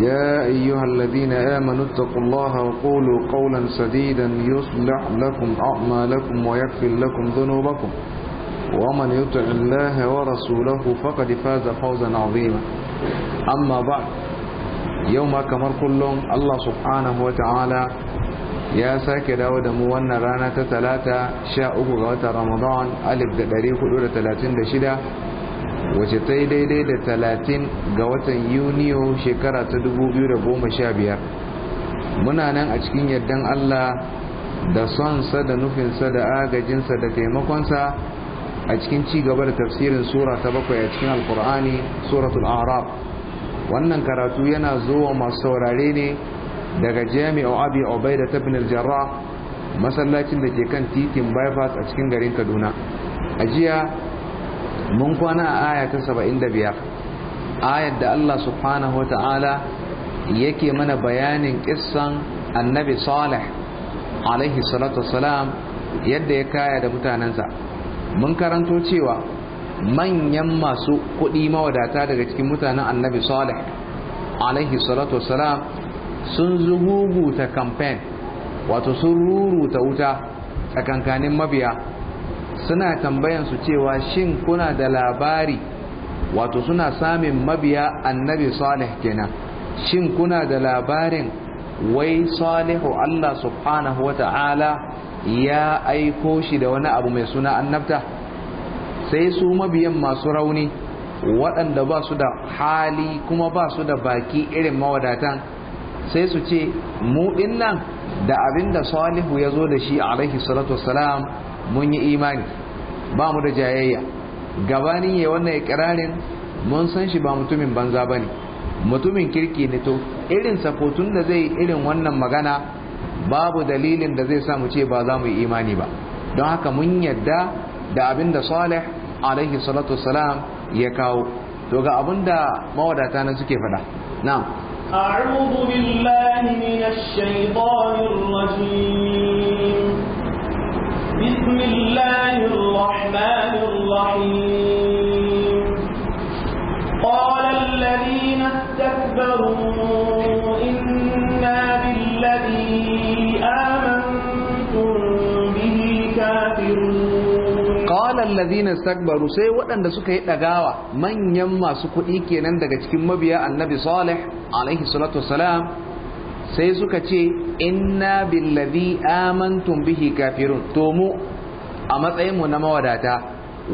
يا أيها الذين آمنوا اتقوا الله وقولوا قولا سديدا يصلح لكم أعمالكم ويكفر لكم ذنوبكم ومن يطع الله ورسوله فقد فاز فوزا عظيما أما بعد يوم كمر كلهم الله سبحانه وتعالى يا ساكي داود موانا رانا تتلاتة شاء أبو رمضان ألف دقريق الأولى تلاتين دشدة wace ta yi daidai da talatin ga watan yuniyo shekara ta da sha biyar muna nan a cikin yardan allah da sonsa da nufinsa da agajinsa da taimakonsa a cikin cigaba da tafsirin sura ta bakwai a cikin alkur'ani suratul arab wannan karatu yana zuwa masu saurare ne daga jami'a abi obai da tafinar jara masallacin da ke kan titin bypass a cikin garin kaduna a jiya mun kwana a aya ta 75 ayat da Allah subhanahu ta'ala yake mana bayanin kissan annabi salih alaihi salatu yadda ya kaya da mutanensa mun karanto cewa manyan masu kuɗi mawadata daga cikin mutanen annabi salih alaihi salatu wasalam sun ta kamfen wato sun ruru ta wuta tsakankanin mabiya suna tambayan su cewa shin kuna da labari wato suna samun mabiya annabi salih kenan shin kuna da labarin wai salihu Allah subhanahu wata'ala ya aiko shi da wani abu mai suna annabta sai su mabiyan masu rauni waɗanda ba su da hali kuma ba su da baki irin mawadatan sai su ce mu nan da abinda da salihu ya zo da shi a salatu salam mun yi imani ba mu da jayayya gabanin ya wannan ikirarin mun san shi ba mutumin banza bane mutumin kirki ne to irin sakotun da zai irin wannan magana babu dalilin da zai sa mu ce ba za mu yi imani ba don haka mun yadda da abin da salih alaihi salatu salam ya kawo to ga abin mawadata na suke faɗa na'am أعوذ بالله من الشيطان الرجيم بسم الله الرحمن الرحيم قال الذين استكبروا إنا بالذي آمنتم به كافرون قال الذين استكبروا سي waɗanda suka yi ɗagawa manyan masu kuɗi kenan daga cikin mabiya annabi salih alaihi salatu wassalam sai suka ce inna billazi amantum bihi kafirun to mu a matsayin mu na mawadata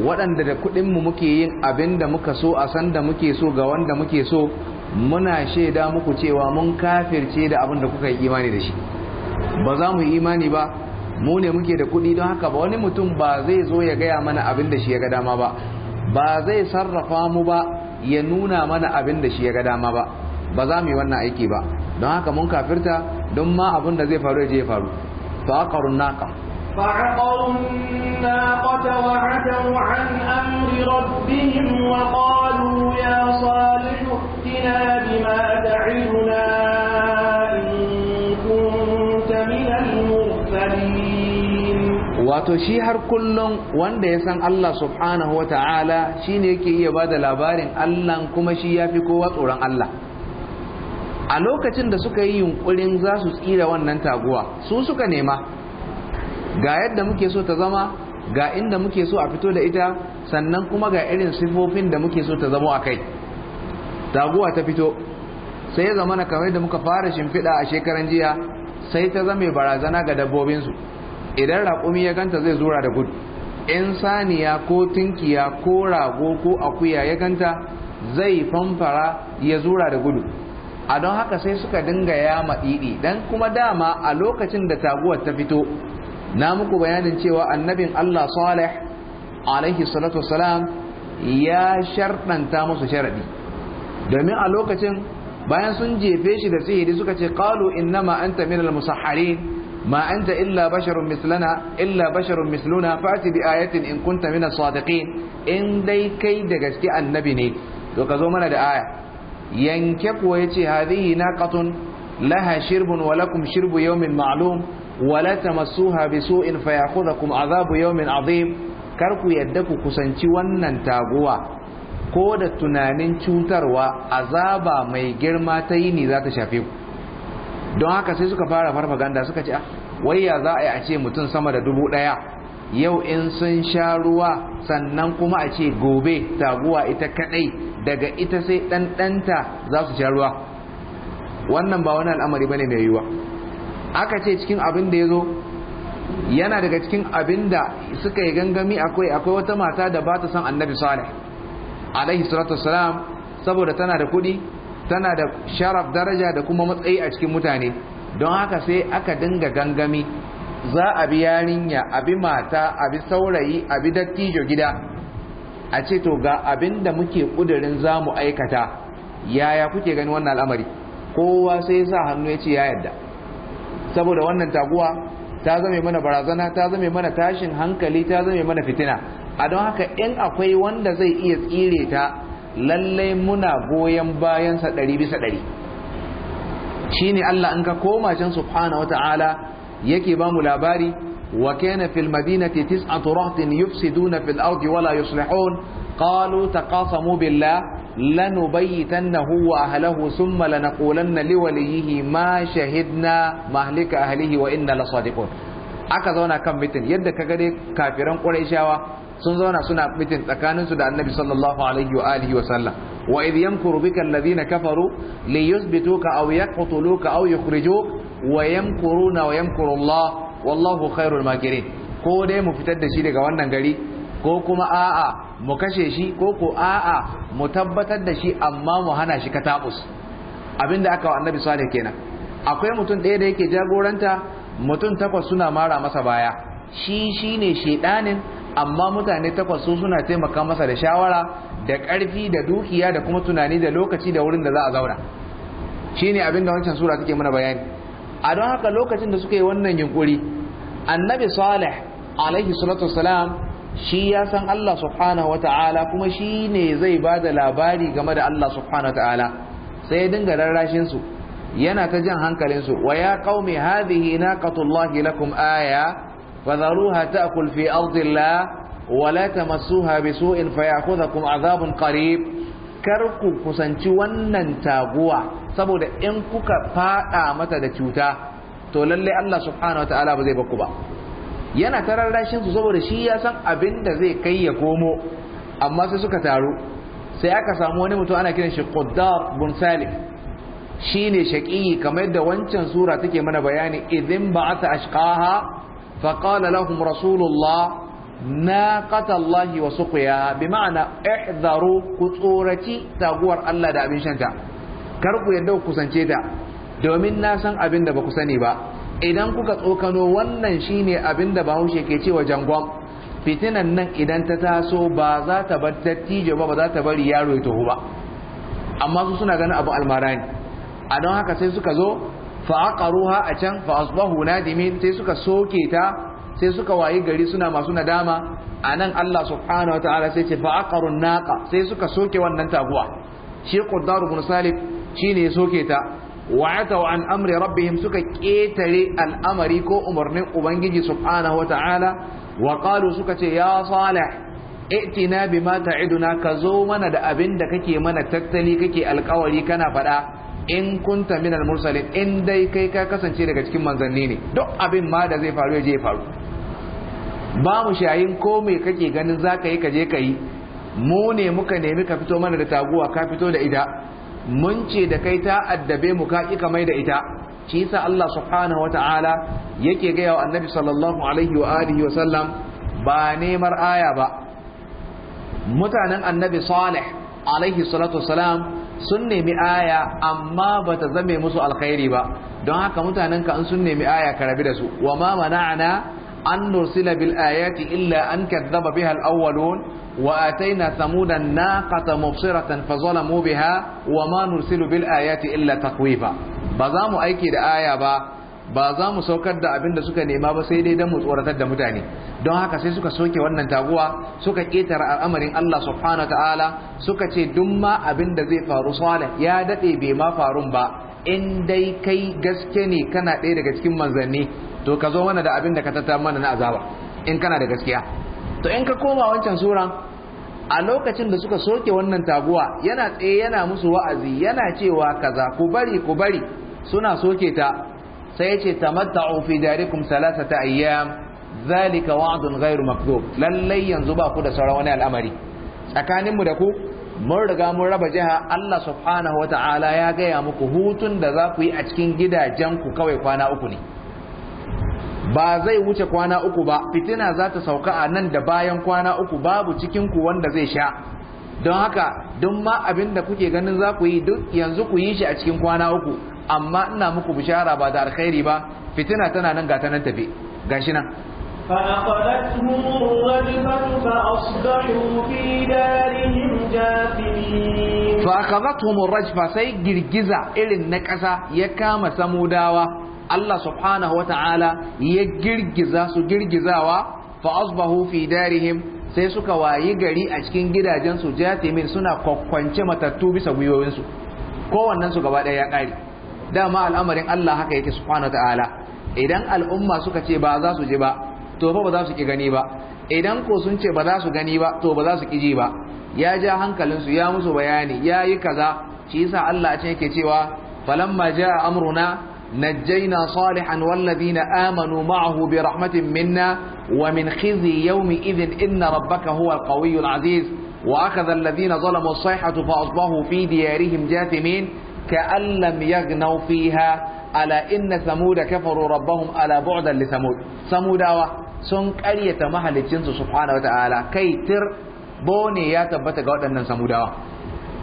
waɗanda da kuɗin mu muke yin abin da muka so a san da muke so ga wanda muke so muna shaida muku cewa mun kafirce da abin da kuka yi imani da shi ba za mu yi imani ba mu ne muke da kuɗi don haka ba wani mutum ba zai zo ya gaya mana abin da shi ya ga dama ba ba zai sarrafa mu ba ya nuna mana abin da shi ya ga dama ba ba za mu yi wannan aiki ba don haka mun kafirta don ma abin da zai faru ya je faru fa aqarun naqa fa aqarun naqata wa atu an amri rabbihim wa qalu ya salih tina bima ta'iduna wato shi har kullum wanda ya san Allah subhanahu wa ta'ala shi ne yake iya ba da labarin Allah kuma shi ya fi kowa tsoron Allah a lokacin da suka yi yunkurin za su tsira wannan taguwa su suka nema ga yadda muke so ta zama ga inda muke so a fito da ita sannan kuma ga irin sifofin da muke so ta zama a kai taguwa ta fito sai ya zama na kamar da muka fara shimfiɗa a shekaran jiya sai ta zame barazana ga dabbobinsu idan raƙumi ya ganta zai zura da gudu in saniya ko tunkiya ko rago ko akuya ya ganta zai famfara ya zura da gudu a don haka sai suka dinga yama ɗiɗi dan kuma dama a lokacin da taguwar ta fito na muku bayanin cewa annabin Allah Salih alaihi salatu wasalam ya sharɗanta musu sharaɗi domin a lokacin bayan sun jefe shi da sihiri suka ce qalu innama anta min al-musahharin ma anta illa basharun mislana illa basharun misluna fa'ti bi ayatin in kunta min as-sadiqin in dai kai da gaske annabi ne to ka zo mana da aya yanke kuwa yace na katun. laha shirbun wa shirbu yawmin ma'lum wa la tamassuha bisu'in fayakhudhukum adhabu yawmin adhim kar ku yadda ku kusanci wannan taguwa ko da tunanin cutarwa azaba mai girma ta yini za ta shafe ku don haka sai suka fara farfaganda suka ce ah, wai ya za a yi a ce mutum sama da dubu ɗaya yau in sun sha ruwa sannan kuma a ce gobe taguwa ita kadai daga ita sai ɗanɗanta za su sha ruwa wannan ba wani al'amari bane mai yiwuwa aka ce cikin abin da ya zo yana daga cikin abin da suka yi gangami akwai akwai wata mata da ba ta son annabi salih alaihi salatu wasalam saboda tana da kuɗi tana da sharaf daraja da kuma matsayi a cikin mutane don haka sai aka dinga gangami za a bi yarinya a bi mata a bi saurayi a bi dattijo gida a ce to ga abin da muke kudirin za mu aikata yaya kuke gani wannan al'amari kowa sai sa hannu ya ce ya yadda saboda wannan taguwa ta zame mana barazana ta zame mana tashin hankali ta zame mana fitina a don haka in akwai wanda zai iya tsire ta lallai muna goyon bayansa ɗari bisa ɗari shine Allah in ka koma can wa wata'ala yake ba mu labari wa kana fil madinati tis'atu rahtin yufsiduna fil ardi wala yuslihun qalu taqasamu billah لنبيتنه وأهله ثم لنقولن لوليه ما شهدنا مهلك أهله وإنا لصادقون aka zauna kan mitin yadda ka gade kafiran Qurayshawa sun zauna suna mitin tsakanin su da Annabi sallallahu alaihi wa alihi wa sallam wa idh yamkuru bika alladhina kafaru li yuthbituka aw yaqtuluka aw yukhrijuk wa yamkuruna wa yamkurullah wallahu khairul makirin ko dai mu fitar da shi daga wannan gari ko kuma a'a mu kashe shi ko ko a'a mu tabbatar da shi amma mu hana shi katabus abinda aka wa annabi salih kenan akwai mutum ɗaya da yake jagoranta mutum takwas suna mara masa baya shi shine shedanin amma mutane takwas su suna taimaka masa da shawara da ƙarfi da dukiya da kuma tunani da lokaci da wurin da za a zauna shine abinda wancan sura take mana bayani a don haka lokacin da suka yi wannan yunkuri annabi salih alaihi salatu wasalam shi ya san Allah subhanahu wataala kuma shi ne zai ba da labari game da Allah subhanahu wataala sai ya dinga rarrashin su yana ta jan hankalin su wa ya qaumi hadhihi naqatullahi lakum aya fadharuha ta'kul fi ardillah wa la tamassuha bisu'in fayakhudhukum adhabun qarib kar ku kusanci wannan taguwa saboda in kuka fada mata da cuta to lalle Allah subhanahu wataala ba zai baku ba yana tararrashin su saboda shi ya san abin da zai kai ya komo amma sai suka taru sai aka samu wani mutum ana kiran shi Quddar bin Salim shine shaqiyi kamar yadda wancan sura take mana bayani idin ba'ata ashqaha fa qala lahum rasulullah Na Allah wa suqiya bi ma'ana ihdaru ku tsoraci taguwar Allah da abin shanta kar ku yadda ku kusance ta domin na san abin da ba ku sani ba idan kuka tsokano wannan shine abin da Bahaushe ke cewa jangon fitinan nan idan ta taso ba za ta bar dattijo ba ba za ta bari yaro ya taho ba amma su suna ganin abu almarani a don haka sai suka zo fa'aqaruha a can fa asbahu nadimin sai suka soke ta sai suka wayi gari suna masu nadama a nan Allah subhanahu wa ta'ala sai ce fa'aqarun naqa sai suka soke wannan taguwa shi Quddar ibn Salib shine ya soke ta wa atau an amri rabbihim suka ketare al'amari ko umarnin ubangiji subhanahu wa ta'ala wa qalu suka ce ya salih i'tina bima ta'iduna ka zo mana da abin da kake mana tattali kake alkawari kana faɗa in kunta minal mursalin in dai kai ka kasance daga cikin manzanni ne duk abin ma da zai faru ya je faru ba mu shayin ko mai kake ganin za ka yi kaje je ka yi mu ne muka nemi ka fito mana da taguwa ka fito da ita mun ce da kai ta addabe mu ka ka mai da ita shi yasa Allah subhanahu wata'ala yake gaya wa annabi sallallahu alaihi wa alihi wa sallam ba nemar aya ba mutanen annabi salih alaihi salatu wasalam sun nemi aya amma ba ta zame musu alkhairi ba don haka mutanen ka an sun nemi aya ka rabi da su wa ma mana'ana an nursila bil ayati illa an kadzdzaba biha al awwalun wa atayna thamuda naqata mubsiratan fa zalamu biha wa ma nursilu bil ayati illa takwifa ba za mu aiki da aya ba ba za mu saukar da abin da suka nema ba sai dai don mu tsoratar da mutane don haka sai suka soke wannan taguwa suka ƙetare al'amarin Allah subhanahu suka ce duk ma abin da zai faru salih ya daɗe bai ma farun ba in dai kai gaske ne kana ɗaya daga cikin manzanni to ka zo mana da abin da ka tattara mana na azaba in kana da gaskiya to in ka koma wancan suran a lokacin da suka soke wannan taguwa yana tsaye yana musu wa'azi yana cewa kaza ku bari ku bari suna soke ta sai yace tamatta'u fi darikum salasata ayyam zalika wa'dun ghairu makdhub lallai yanzu ba ku da sauran wani al'amari tsakanin mu da ku mun riga mun raba jiha Allah subhanahu wata'ala ya gaya muku hutun da za ku yi a cikin gidajen ku kawai kwana uku ne ba zai wuce kwana uku ba fitina za ta sauka a nan da bayan kwana uku babu cikin ku wanda zai sha don haka duk ma abin da kuke ganin za ku yi duk yanzu ku yi shi a cikin kwana uku amma ina muku bishara ba da alkhairi ba fitina tana nan ga ta nan tafi gashi nan fa الرجفة rajfa sai girgiza irin na kasa ya kama samudawa Allah subhanahu wa ta'ala ya girgiza su girgizawa fa asbahu fi darihim sai suka wayi gari a cikin gidajensu su jatimin suna kokkwance matattu bisa gwiwoyin su gaba ɗaya ya ƙare dama al'amarin Allah haka yake subhanahu wa ta'ala idan al'umma suka ce ba za su ji ba to ba za su ki gani ba idan ko sun ce ba za su gani ba to ba za su ki ji ba ya ja hankalinsu ya musu bayani ya yi kaza shi yasa Allah a ce yake cewa falamma jaa amruna نجينا صالحا والذين آمنوا معه برحمة منا ومن خزي يومئذ إن ربك هو القوي العزيز وأخذ الذين ظلموا الصيحة فأصبحوا في ديارهم جاثمين كأن لم يغنوا فيها ألا إن ثمود كفروا ربهم ألا بعدا لثمود ثمود sun سن قرية subhanahu الجنس سبحانه وتعالى كي تر بوني يا تبتك samudawa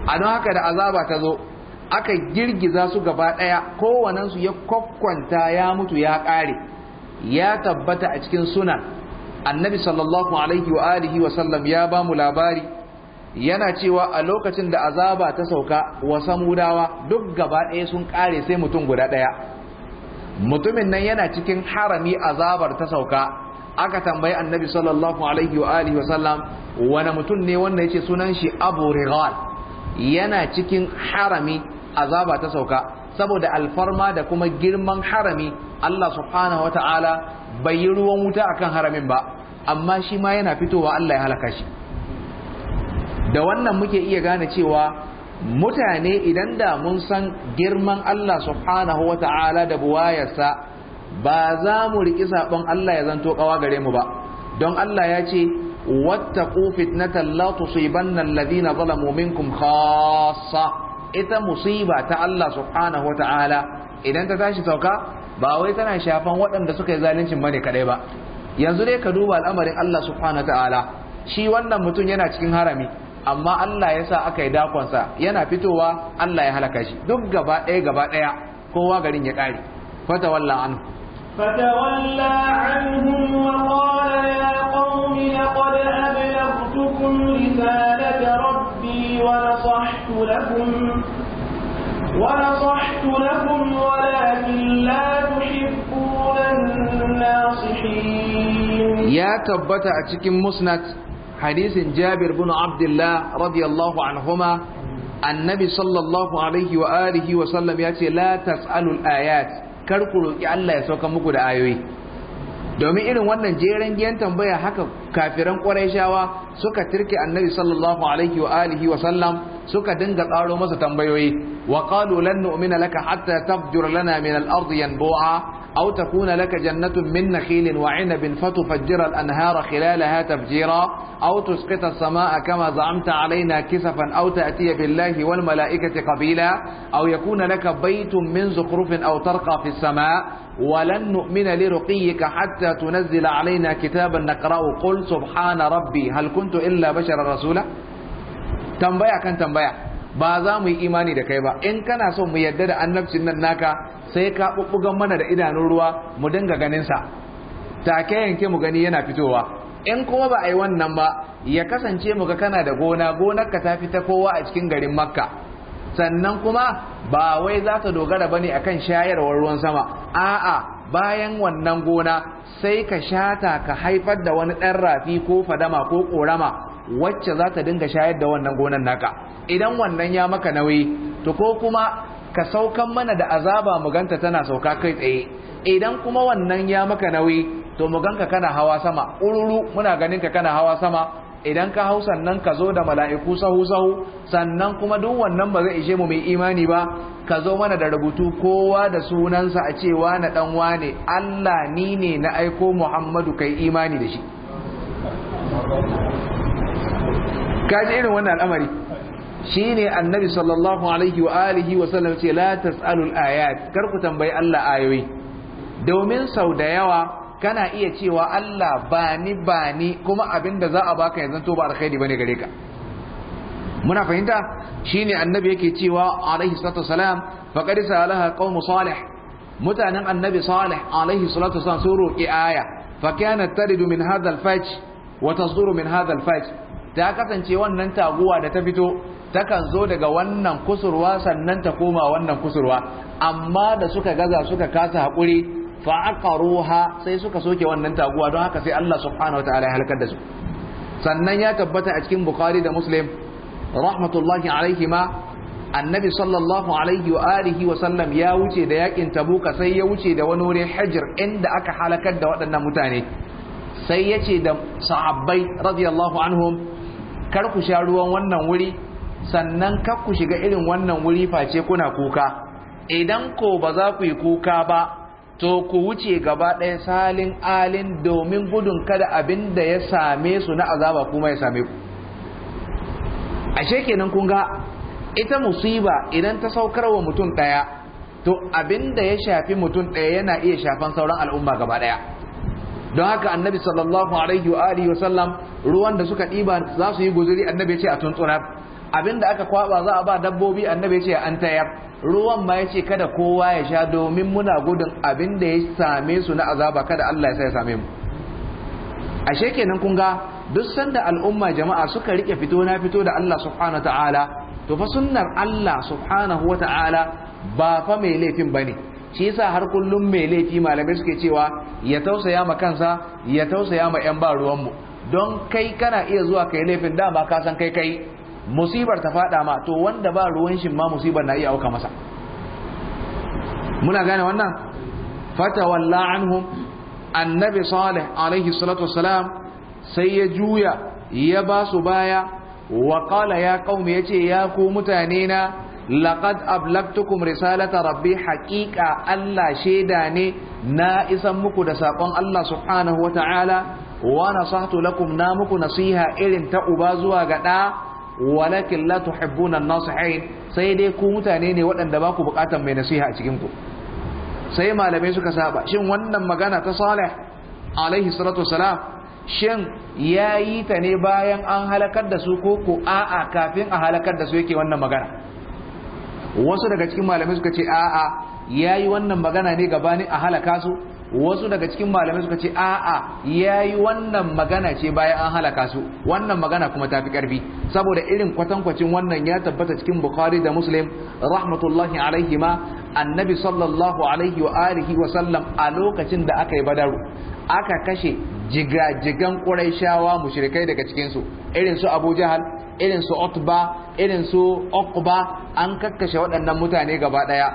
a don haka da azaba aka girgiza su gaba ɗaya kowanensu ya kwakwanta ya mutu ya ƙare ya tabbata a cikin sunan annabi sallallahu alaihi wa alihi wa sallam ya ba mu labari yana cewa a lokacin da azaba ta sauka wa samudawa duk gaba ɗaya sun ƙare sai mutum guda ɗaya mutumin nan yana cikin harami azabar ta sauka aka tambayi annabi sallallahu alaihi wa alihi wa sallam wani mutum ne wanda yake sunan shi abu rigal yana cikin harami azaba ta sauka saboda alfarma da kuma girman harami Allah subhanahu ta'ala bai yi ruwan wuta akan haramin ba amma shi ma yana fitowa Allah ya halaka shi da wannan muke iya gane cewa mutane idan da mun san girman Allah subhanahu ta'ala da buwayarsa ba za mu riƙi saɓon Allah ya zanto ƙawa gare mu ba don Allah ya ce wattaqu fitnatan la tusibanna alladhina zalamu minkum khassa ita musiba ta Allah subhanahu wata'ala idan ta tashi sauka ba wai tana shafan waɗanda suka yi zalincin bane kadai ba yanzu dai ka duba al'amarin Allah subhanahu wata'ala shi wannan mutum yana cikin harami amma Allah ya sa aka yi dakonsa yana fitowa Allah ya halaka shi duk gaba ɗaya gaba ɗaya kowa garin ya ƙare fata walla anhu فتولى عنهم وقال يا قوم لقد أبلغتكم رسالة ربي ونصحت لكم ونصحت لكم ولكن لا تحبون الناصحين يا تبت أتكم مسند حديث جابر بن عبد الله رضي الله عنهما annabi sallallahu alaihi wa alihi wa sallam ya ce la tas'alul ayat kar ku Allah ya sauka muku da ayoyi domin irin wannan jeren giyan tambaya haka kafiran ƙwarayshawa suka turke annabi sallallahu alaihi wa alihi wa sallam suka dinga tsaro masa tambayoyi wa qalu lan nu'mina laka hatta tabjur lana min al-ard yanbu'a aw takuna laka jannatun min nakhilin wa 'inabin fatufajjira al-anhara khilalaha tafjira aw tusqita as-samaa'a kama za'amta 'alaina kisafan aw ta'tiya billahi wal mala'ikati qabila aw yakuna laka baytun min zukhrufin aw tarqa fi as-samaa'a ولن نؤمن لرقيك حتى تنزل علينا كتابا نقرأه قل سبحان ربي هل كنت إلا بشر رسولا تنبيع كان تنبيع ba mu yi imani da kai ba in kana so mu yadda da annabcin nan naka sai ka bubbugan mana da idanun ruwa mu dinga ganin sa take yanke mu gani yana fitowa in kuma ba a yi wannan ba ya kasance mu ga kana da gona gonar ka ta fita kowa a cikin garin makka sannan kuma ba wai za ka dogara bane akan shayarwar ruwan sama a'a bayan wannan gona sai ka shata ka haifar da wani ɗan rafi ko fadama ko ƙorama wacce za ta dinga shayar da wannan gonan naka idan wannan ya maka nauyi to ko kuma ka saukan mana da azaba mu ganta tana sauka kai tsaye idan kuma wannan ya maka nauyi to mu ganka kana hawa sama ururu muna ganin ka kana hawa sama idan ka hau sannan ka zo da mala'iku sahu sahu sannan kuma duk wannan ba zai ishe mu mai imani ba ka zo mana da rubutu kowa da sunansa a ce wane dan wane Allah ni ne na aiko Muhammadu kai imani da shi kaji irin wannan al'amari ne annabi sallallahu alaihi wa alihi wa sallam ce la tasalul ayat kar ku tambayi Allah ayoyi domin sau da yawa kana iya cewa Allah ba ni ba ni kuma abinda za a baka yanzu to ba alkhairi bane gare ka muna fahimta shine annabi yake cewa alaihi salatu wasalam faqad salih mutanen annabi salih alaihi salatu wasalam sun roki aya fa taridu min hadha wa tasduru min hadha ta kasance wannan taguwa da ta fito takan zo daga wannan kusurwa sannan ta koma wannan kusurwa amma da suka gaza suka kasa haƙuri fa ruha sai suka soke wannan taguwa don haka sai Allah subhanahu wataala ya halakar da su sannan ya tabbata a cikin bukhari da muslim rahmatullahi alaihima annabi sallallahu alaihi wa alihi wa sallam ya wuce da yakin tabuka sai ya wuce da wani wurin hajar inda aka halakar da waɗannan mutane sai ya ce da sahabbai radiyallahu anhum kar ku sha ruwan wannan wuri sannan kar ku shiga irin wannan wuri face kuna kuka idan ko ba za ku yi kuka ba to ku wuce gaba ɗaya salin alin domin gudun kada abin da ya same su na azaba kuma ya same ku ashe kenan kun ga ita musiba idan ta saukar wa mutum ɗaya to abin da ya shafi mutum ɗaya yana iya shafan sauran al'umma gaba ɗaya don haka annabi sallallahu alaihi wa alihi wasallam ruwan da suka ɗiba za su yi guzuri annabi ya ce a tuntsura abin da aka kwaba za a ba dabbobi annabi ya ce an tayar ruwan ma ce kada kowa ya sha domin muna gudun abin da ya same su na azaba kada Allah ya sa same mu ashe kenan kun ga duk sanda al'umma jama'a suka rike fito na fito da Allah subhanahu ta'ala to fa sunnar Allah subhanahu ta'ala ba fa mai laifin bane shi yasa har kullum mai laifi malamai suke cewa ya tausaya ma kansa ya tausaya ma yan ba ruwan mu don kai kana iya zuwa kai laifin dama ka san kai kai musibar ta fada ma to wanda ba ruwan shi ma musibar na iya auka masa muna gane wannan fatawalla anhum annabi salih alaihi salatu wassalam sai ya juya ya ba su baya wa qala ya qaumi yace ya ku mutane na laqad ablagtukum risalata rabbi haqiqa Allah sheda ne na isan muku da sakon Allah subhanahu wataala wa nasahtu lakum na muku nasiha irin ta uba zuwa ga da walakin la tuhibbuna an-nasihin sai dai ku mutane ne waɗanda ba ku buƙatar mai nasiha a cikin ku sai malamai suka saba shin wannan magana ta Salih alaihi salatu wasalam shin yayi ta ne bayan an halakar da su ko ko a'a kafin a halakar da su yake wannan magana wasu daga cikin malamai suka ce a'a yayi wannan magana ne gabanin a halaka su wasu daga cikin malamai suka ce a'a yayi wannan magana ce bayan an halaka su wannan magana kuma tafi karfi saboda irin kwatankwacin wannan ya tabbata cikin bukhari da muslim rahmatullahi alaihima annabi sallallahu alaihi wa alihi wa sallam a lokacin da aka yi badaru aka kashe jigajigan ƙuraishawa mushirikai daga cikinsu irin su abu jahal irin su utba irin su uqba an kakkashe waɗannan mutane gaba ɗaya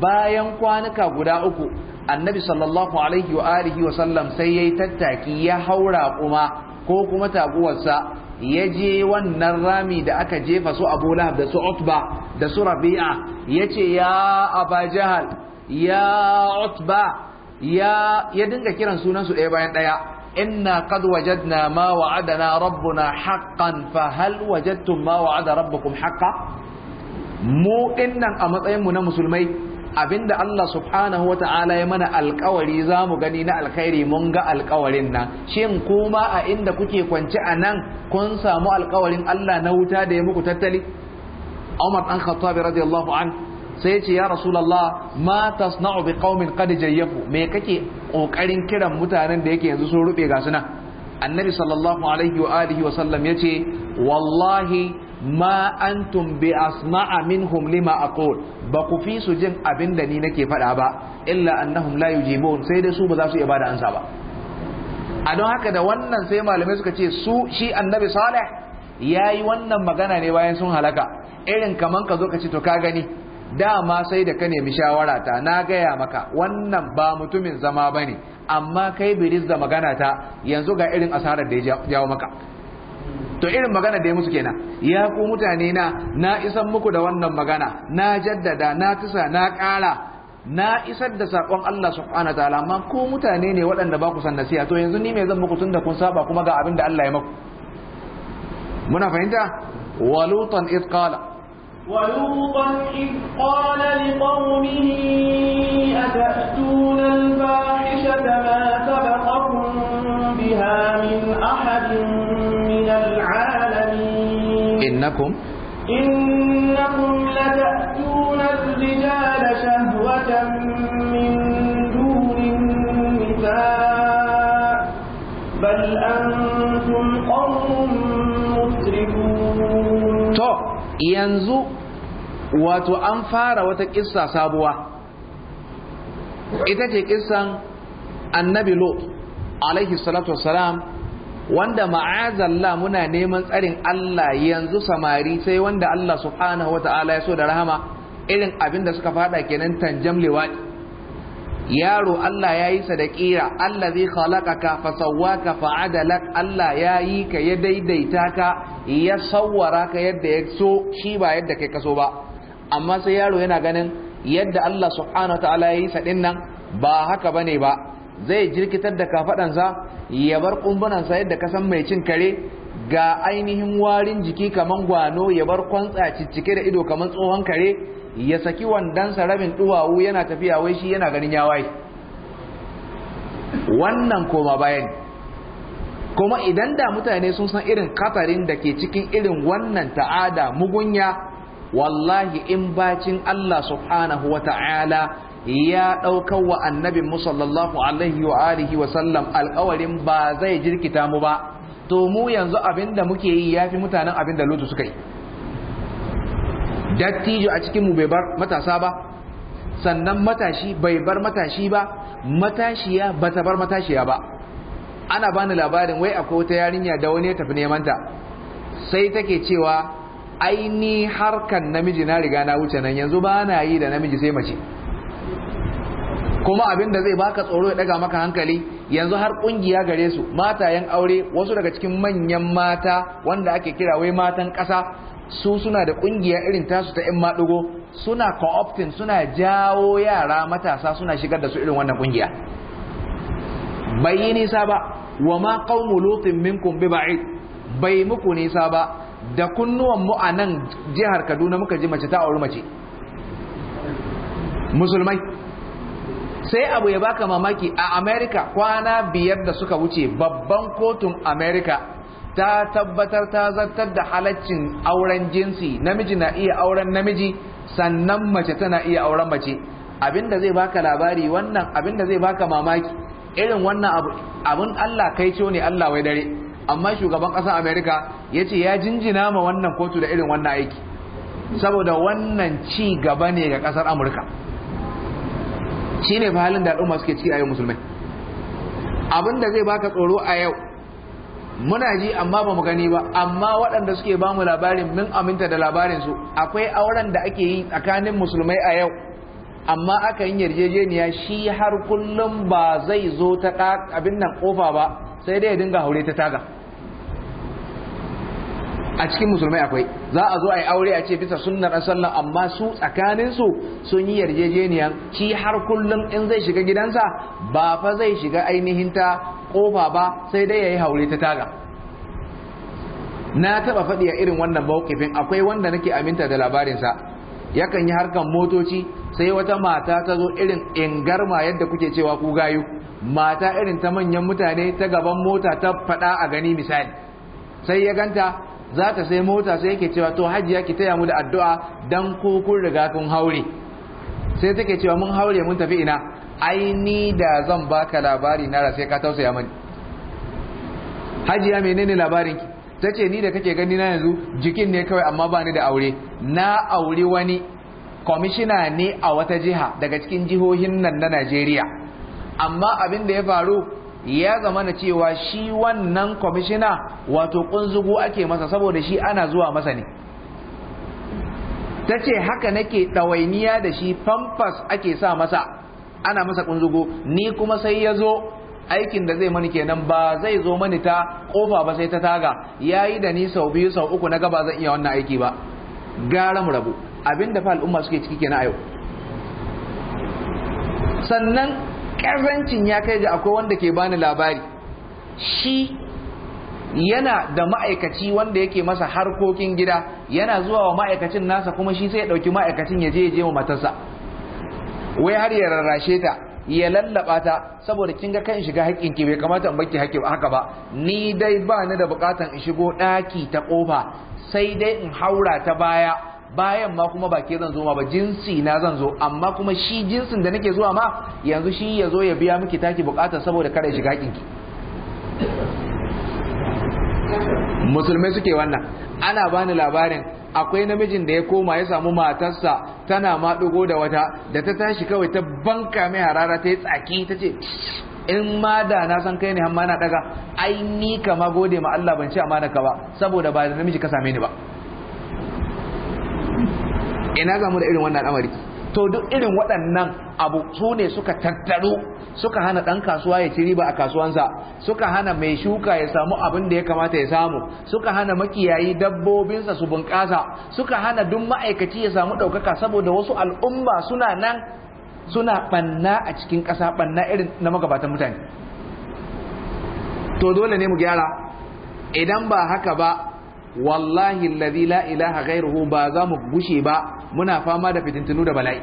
bayan kwanuka guda uku annabi sallallahu alaihi wa alihi wa sallam sai yayi tattaki ya haura kuma ko kuma taguwarsa ya je wannan rami da aka jefa su Abu Lahab da su Utba da su Rabi'a yace ya Aba Jahal ya Utba ya ya dinga kiran sunan su ɗaya bayan ɗaya inna qad wajadna ma wa'adana rabbuna haqqan fa hal wajadtum ma wa'ada rabbukum haqqan mu dinnan a matsayin mu na musulmai abinda Allah subhanahu wata'ala ya mana alkawari za mu gani na alkhairi mun ga alkawarin nan shin kuma a inda kuke kwance a nan kun samu alkawarin Allah na wuta da ya muku tattali Umar dan Khattab radiyallahu an sai ya ce ya Rasulullah ma tasna'u bi qaumin qad jayyafu me kake kokarin kiran mutanen da yake yanzu sun rube ga suna annabi sallallahu alaihi wa alihi wa sallam yace wallahi ma antum bi asma'a minhum lima aqul ba ku fi su jin abin da ni nake faɗa ba illa annahum la yujibun sai dai su ba su iya bada ansa ba a don haka da wannan sai malamai suka ce su shi annabi salih yayi wannan magana ne bayan sun halaka irin kamar ka zo ka ci to ka gani dama sai da ka nemi shawarata na gaya maka wannan ba mutumin zama ba ne amma kai biris da magana ta yanzu ga irin asarar da ya jawo maka to irin magana da ya musu kenan ya ku mutane na na isan muku da wannan magana na jaddada na tusa na ƙara na isar da sakon Allah subhanahu ta'ala amma ku mutane ne waɗanda ba ku san nasiha to yanzu ni me zan muku tunda kun saba kuma ga abin da Allah ya maku muna fahimta walutan id qala ولوطا إذ قال atatuna al الفاحشة ma سبقكم biha min ahadin من العالمين إنكم إنكم لتأتون الرجال شهوة من دون النساء بل أنتم قوم مسرفون تو ينزو wato an fara wata kissa sabuwa ita ce kissan annabi lot alaihi salatu wassalam wanda ma'azallah muna neman tsarin Allah yanzu samari sai wanda Allah subhanahu wata'ala ya so da rahama irin abin da suka fada kenan tanjam liwat yaro Allah ya yi sadakira Allah zai khalaqaka fa sawwaka fa adalak Allah ya yi ka ya daidaita ka ya sawwara ka yadda ya so shi ba yadda kai kaso ba amma sai yaro yana ganin yadda Allah subhanahu wa ta'ala ya yi sadin nan ba haka bane ba zai jirkitar da kafadansa ya bar kumbunansa yadda ka san mai cin kare ga ainihin warin jiki kamar gwano ya bar kwantsa ciccike da ido kamar tsohon kare ya saki wandansa rabin duwawu yana tafiya wai shi yana ganin ya waye wannan koma bayan kuma idan da mutane sun san irin katarin da ke cikin irin wannan ta'ada mugunya wallahi in bacin Allah subhanahu wa ta'ala ya ɗaukar wa annabin mu sallallahu alaihi wa alihi wa sallam alƙawarin ba zai jirkita mu ba to mu yanzu abin da muke yi ya fi mutanen abin da lutu suka yi dattijo a cikin mu bai bar matasa ba sannan matashi bai bar matashi ba matashiya ba ta bar matashiya ba ana bani labarin wai akwai wata yarinya da wani ya tafi neman ta sai take cewa aini harkan namiji na riga na wuce nan yanzu ba na yi da namiji sai mace kuma abin da zai baka tsoro ya daga maka hankali yanzu har kungiya gare su matayen aure wasu daga cikin manyan mata wanda ake kira wai matan ƙasa su suna da kungiya irin tasu ta 'yan maɗugo suna co-opting suna jawo yara matasa suna shigar da su irin wannan kungiya bai yi nisa ba wa ma qaumu lutin minkum bi ba'i bai muku nisa ba da kunnuwan mu a nan jihar Kaduna muka ji mace ta auri mace musulmai sai abu ya baka mamaki a america kwana biyar da suka wuce babban kotun america ta tabbatar ta zartar da halaccin auren jinsi namiji na iya auren namiji sannan mace tana iya auren mace abinda zai baka labari wannan abinda zai baka mamaki irin wannan abin Allah kai ciwo ne Allah wai dare amma shugaban kasar Amerika ya ce ya jinjina ma wannan kotu da irin wannan aiki saboda wannan ci gaba ne ga ƙasar Amurka Shi ne fa halin da al'umma suke ciki a yau musulmai abin zai baka tsoro a yau muna ji amma ba mu gani ba amma waɗanda suke ba mu labarin mun aminta da labarinsu akwai auren da ake yi tsakanin musulmai a yau amma aka yi yarjejeniya shi har kullum ba zai zo ta abin nan kofa ba sai dai ya dinga haure ta taga a cikin musulmai akwai za a zo a yi aure a ce bisa sunnar sallah amma su tsakanin su sun yi yarjejeniyar shi har kullum in zai shiga gidansa ba fa zai shiga ainihin ta kofa ba sai dai yayi haure ta taga na taba faɗi a irin wannan mawkifin akwai wanda nake aminta da labarinsa yakan yi harkan motoci sai wata mata ta zo irin ingarma yadda kuke cewa ku gayu mata irin ta manyan mutane ta gaban mota ta faɗa a gani misali sai ya ganta za ka sai mota sai yake cewa to hajiya ki taya mu da addu'a dan ko kun riga kun haure sai take cewa mun haure mun tafi ina ai ni da zan baka labari na ka tausaya mani hajiya menene labarin ki tace ni da kake gani na yanzu jikin ne kawai amma ba ni da aure na aure wani kwamishina ne a wata jiha daga cikin jihohin nan na Najeriya amma abin da ya faru ya zama na cewa shi wannan kwamishina wato kunzugu ake masa saboda shi ana zuwa masa ne ta ce haka nake ɗawainiya da shi famfas ake sa masa ana masa kunzugu ni kuma sai ya zo aikin da zai mani kenan ba zai zo mani ta kofa ba sai ta taga ya yi da ni sau biyu sau uku na gaba zan iya wannan aiki ba gara mu rabu abinda fa al'umma suke ciki kenan a yau sannan ƙazancin ya kai ga akwai wanda ke bani labari shi yana da ma'aikaci wanda yake masa harkokin gida yana zuwa wa ma'aikacin nasa kuma shi sai ya ɗauki ma'aikacin ya je ya je wa matarsa wai har ya rarrashe ta ya lallaba ta saboda kin ga kan shiga haƙƙin ki bai kamata in baki haƙƙi haka ba ni dai ba ni da buƙatan in shigo ɗaki ta ƙofa sai dai in haura ta baya bayan ma kuma ba ke zan zo ma ba jinsi na zan zo amma kuma shi jinsin da nake zuwa ma yanzu shi ya zo ya biya miki taki bukatar saboda kare shiga kinki musulmai suke wannan ana bani labarin akwai namijin da ya koma ya samu matarsa tana ma dogo da wata da ta tashi kawai ta banka mai harara ta yi tsaki ta ce in ma da na san kai ne hamma na daga ai ni kama gode ma Allah ban ci amana ka ba saboda ba da namiji ka same ni ba ina ga mu da irin wannan al'amari to duk irin waɗannan abu su ne suka tattaro suka hana ɗan kasuwa ya ci riba a kasuwansa suka hana mai shuka ya samu abin da ya kamata ya samu suka hana makiyayi dabbobinsa su bunƙasa suka hana duk ma'aikaci ya samu ɗaukaka saboda wasu al'umma suna nan suna ɓanna a cikin ƙasa ɓanna irin na magabatan mutane to dole ne mu gyara idan ba haka ba wallahi alladhi la ilaha ghairuhu ba za mu gushe ba muna fama da fitintunu da bala'i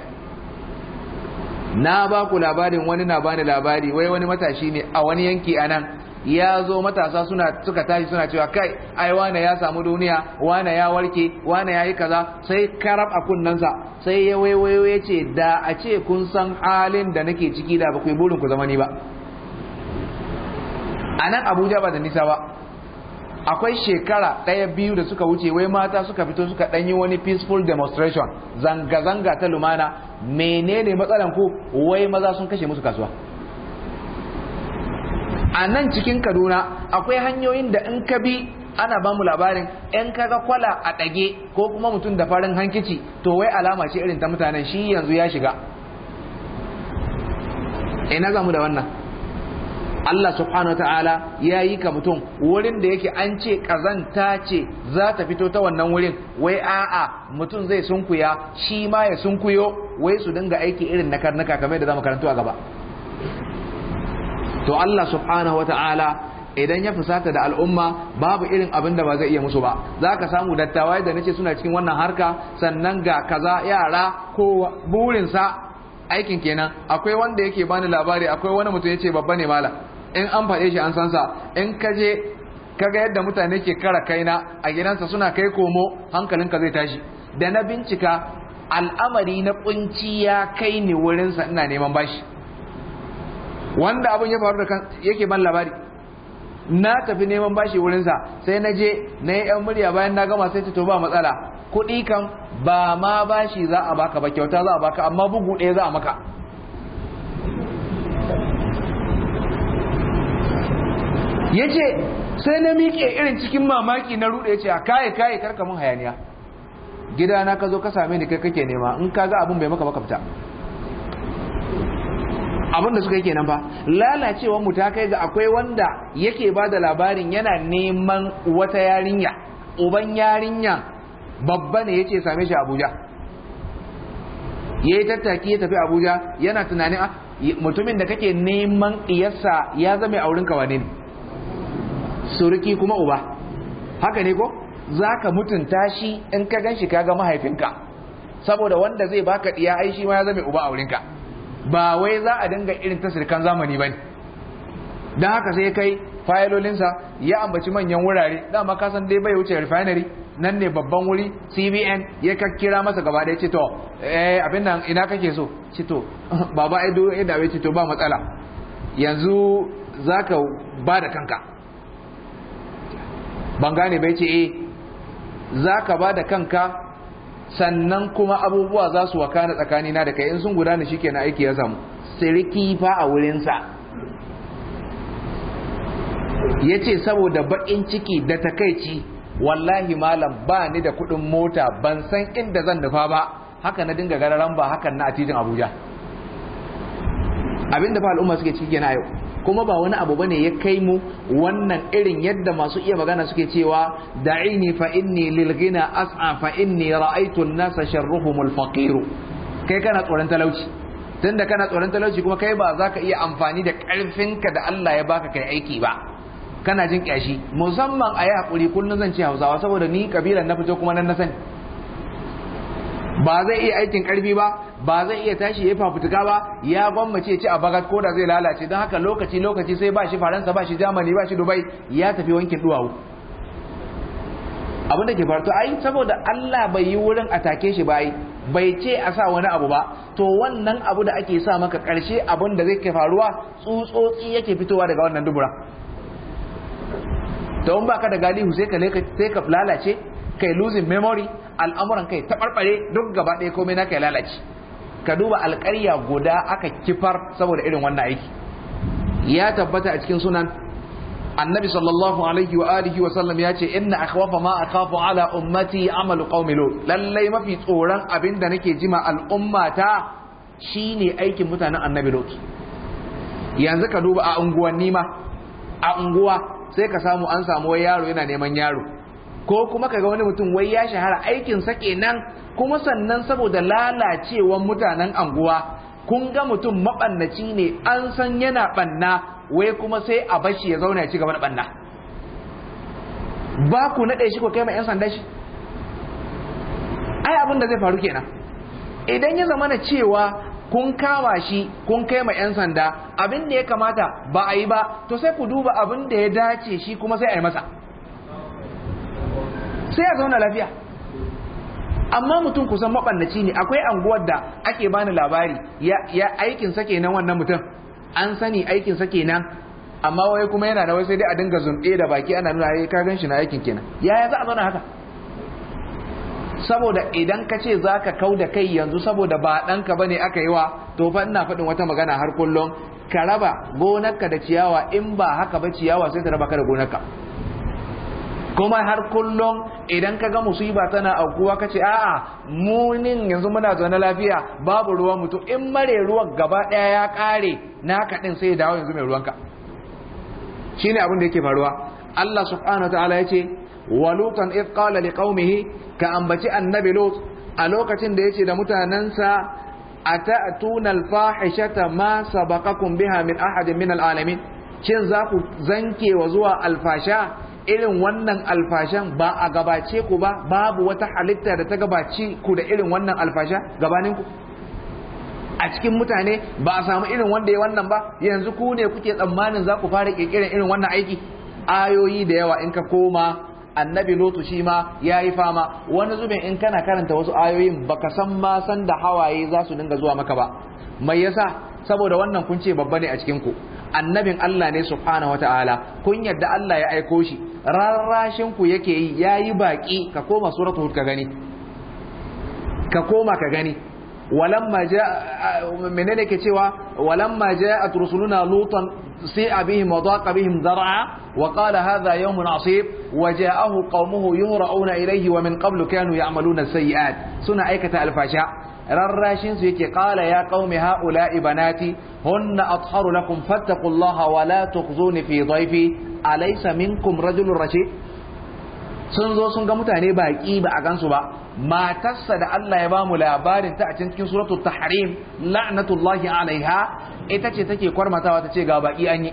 na ba ku labarin wani na bani labari wai wani matashi ne a wani yanki anan ya zo matasa suna suka tashi suna cewa kai ai wane ya samu duniya wane ya warke wane ya yi kaza sai karab a kunnensa sai ya waiwayo ya ce da a ce kun san halin da nake ciki da ba ku yi burin ku zama ni ba a nan abuja ba da nisa ba akwai shekara ɗaya biyu da suka wuce wai mata suka fito suka ɗanyi wani peaceful demonstration zanga-zanga ta lumana menene matsalan ku wai maza sun kashe musu kasuwa a nan cikin kaduna akwai hanyoyin da in ka bi ana bamu labarin ‘yan kaga kwala a ɗage ko kuma mutum da farin hankici to wai alama ce irin ta mutanen shi yanzu ya shiga ina za mu da wannan Allah subhanahu ta'ala ya yi ka mutum wurin da yake an ce kazanta ce za ta fito ta wannan wurin wai a'a mutum zai sunkuya shi ma ya sunkuyo wai su dinga aiki irin na karnuka kamar da zamu karanto a gaba to Allah subhanahu ta'ala idan ya fusata da al'umma babu irin abin da ba zai iya musu ba zaka samu dattawa da nace suna cikin wannan harka sannan ga kaza yara ko burinsa aikin kenan akwai wanda yake bani labari akwai wani mutum yace babba ne mala in an faɗe shi an san sa in ka je ka ga yadda mutane ke kara kaina a gidansa suna kai komo hankalinka zai tashi da na bincika al'amari na kunci ya kai ni wurinsa ina neman bashi wanda abin ya faru da kan yake ban labari na tafi neman bashi wurinsa sai na je na yi yan murya bayan na gama sai ta to ba matsala kuɗi kan ba ma bashi za a baka ba kyauta za a baka amma bugu ɗaya za a maka ya ce sai na miƙe irin cikin mamaki na ruɗe ce a kaye kaye karka mun hayaniya gidana ka zo ka same ni kai kake nema in ka ga abin bai maka maka fita abin da suka yi kenan ba lalacewa mu ta kai ga akwai wanda yake ba da labarin yana neman wata yarinya uban yarinya babba ne ya ce same shi Abuja ya yi tattaki ya tafi Abuja yana tunanin ah, mutumin da kake neman Iyasa ya zame a wurin wane ne suruki kuma uba haka ne ko za ka mutunta shi in ka gan shi kaga mahaifinka saboda wanda zai baka ɗiya ai shi ma ya zame uba a wurinka ba wai za a dinga irin ta zamani ba ne don haka sai kai fayilolinsa ya ambaci manyan wurare da makasan san dai bai wuce refinery nan ne babban wuri cbn ya kakkira masa gaba da ce to eh abin nan ina kake so ce to baba ai dole ya dawe ce ba matsala yanzu zaka ba da kanka ban gane bai ce za ka ba eh, da kanka sannan kuma abubuwa za su wakana tsakanina da kai in sun gudana shi na aiki ya samu siriki fa a wurinsa ya ce saboda baƙin ciki da takaici wallahi malam ba ni da kuɗin mota ban san inda zan nufa ba haka na dinga gararan ba hakan na a titin abuja abinda fa al'umma suke ciki na yau kuma ba wani abu bane ya kai mu wannan irin yadda masu iya magana suke cewa da'ini fa inni lil ghina as'a fa inni ra'aytu an-nasa sharruhum al-faqir kai kana tsoron talauci tunda kana tsoron talauci kuma kai ba za ka iya amfani da karfinka da Allah ya baka kai aiki ba kana jin kyashi musamman a yi hakuri kullum zan ce hausawa saboda ni kabilan na fito kuma nan na sani ba zai iya aikin karfi ba ba zai iya tashi ya fafutuka ba ya gwammace ci a bagat ko da zai lalace don haka lokaci lokaci sai ba shi faransa ba shi jamani ba shi dubai ya tafi wankin duwawu abin da ke farto ai saboda allah bai yi wurin a take shi bai bai ce a sa wani abu ba to wannan abu da ake sa maka karshe abin da zai ke faruwa tsutsotsi yake fitowa daga wannan dubura to in baka da galihu sai ka sai ka lalace kai losing memory al'amuran kai ta barbare duk gaba ɗaya komai na kai lalace ka duba alƙarya guda aka kifar saboda irin wannan aiki ya tabbata a cikin sunan annabi sallallahu alaihi wa alihi wa sallam ya ce inna akhwafa ma akhafu ala ummati amalu qaumi lut lallai mafi tsoron abin da nake jima al'ummata shine aikin mutanen annabi lut yanzu ka duba a unguwanni ma a unguwa sai ka samu an samu wai yaro yana neman yaro ko kuma ka ga wani mutum wai ya shahara aikin sa kenan kuma sannan saboda lalacewan mutanen anguwa kun ga mutum mabannaci ne an san yana banna wai kuma sai a bashi ya zauna ya ci gaba da banna ba ku naɗe shi ko kai ma 'yan sanda shi ai abin da zai faru kenan idan ya zama na cewa kun kama shi kun kai ma 'yan sanda abin da ya kamata ba a yi ba to sai ku duba abin da ya dace shi kuma sai a yi masa sai a zauna lafiya amma mutum kusan mabannaci ne akwai anguwar da ake bani labari ya aikin sa kenan wannan mutum an sani aikin sa kenan amma wai kuma yana da wai sai dai a dinga zumbe da baki ana nuna ai ka gan shi na aikin kenan yaya za a zauna haka saboda idan ka ce za ka kau da kai yanzu saboda ba ɗanka ba ne aka yi wa to fa ina faɗin wata magana har kullum ka raba gonarka da ciyawa in ba haka ba ciyawa sai ta raba ka da gonarka kuma har kullum idan ka ga musiba tana aukuwa ka ce a'a munin yanzu muna zaune lafiya babu ruwan mutum in mare ruwan gaba ɗaya ya ƙare na ɗin sai ya dawo yanzu mai ruwanka ne abin da yake faruwa Allah subhanahu ta'ala yace wa lutan id qala ka ambaci annabi lut a lokacin da yace da mutanansa atatuna fahishata ma sabaqakum biha min ahadin min alalamin shin za ku zanke wa zuwa alfasha irin wannan alfashan ba a gabace ku ba babu wata halitta da ta gabaci ku da irin wannan alfasha gabanin ku a cikin mutane ba a samu irin wanda ya wannan ba yanzu ku ne kuke tsammanin za ku fara kirkirar irin wannan aiki ayoyi da yawa in ka koma annabi lotu shi ma ya yi fama wani zubin in kana karanta wasu ayoyin baka san ma san da hawaye za su dinga zuwa maka ba mai yasa saboda wannan kun ce babba ne a cikin ku annabin Allah ne subhanahu wataala kun yadda Allah ya aiko shi rarrashin ku yake yi yayi baki ka koma suratul hud ka gani ka koma ka gani walamma jaa menene ke cewa walamma jaa rusuluna lutan si abihim wa daqa bihim zar'a wa qala hadha yawmun asib wa ja'ahu qaumuhu ilayhi wa min qablu kanu ya'maluna sayyi'at suna aikata alfasha rarrashin su yake qala ya qaumi ula, Ibanati. hunna atharu lakum fattaqullaha wa la tukhzuni fi dhayfi alaysa minkum rajulun rashid sun zo sun ga mutane baki ba a gansu ba matarsa da Allah ya bamu labarin ta a cikin suratul tahrim la'natullahi alaiha ita ce take kwarmatawa ta ce ga baki an yi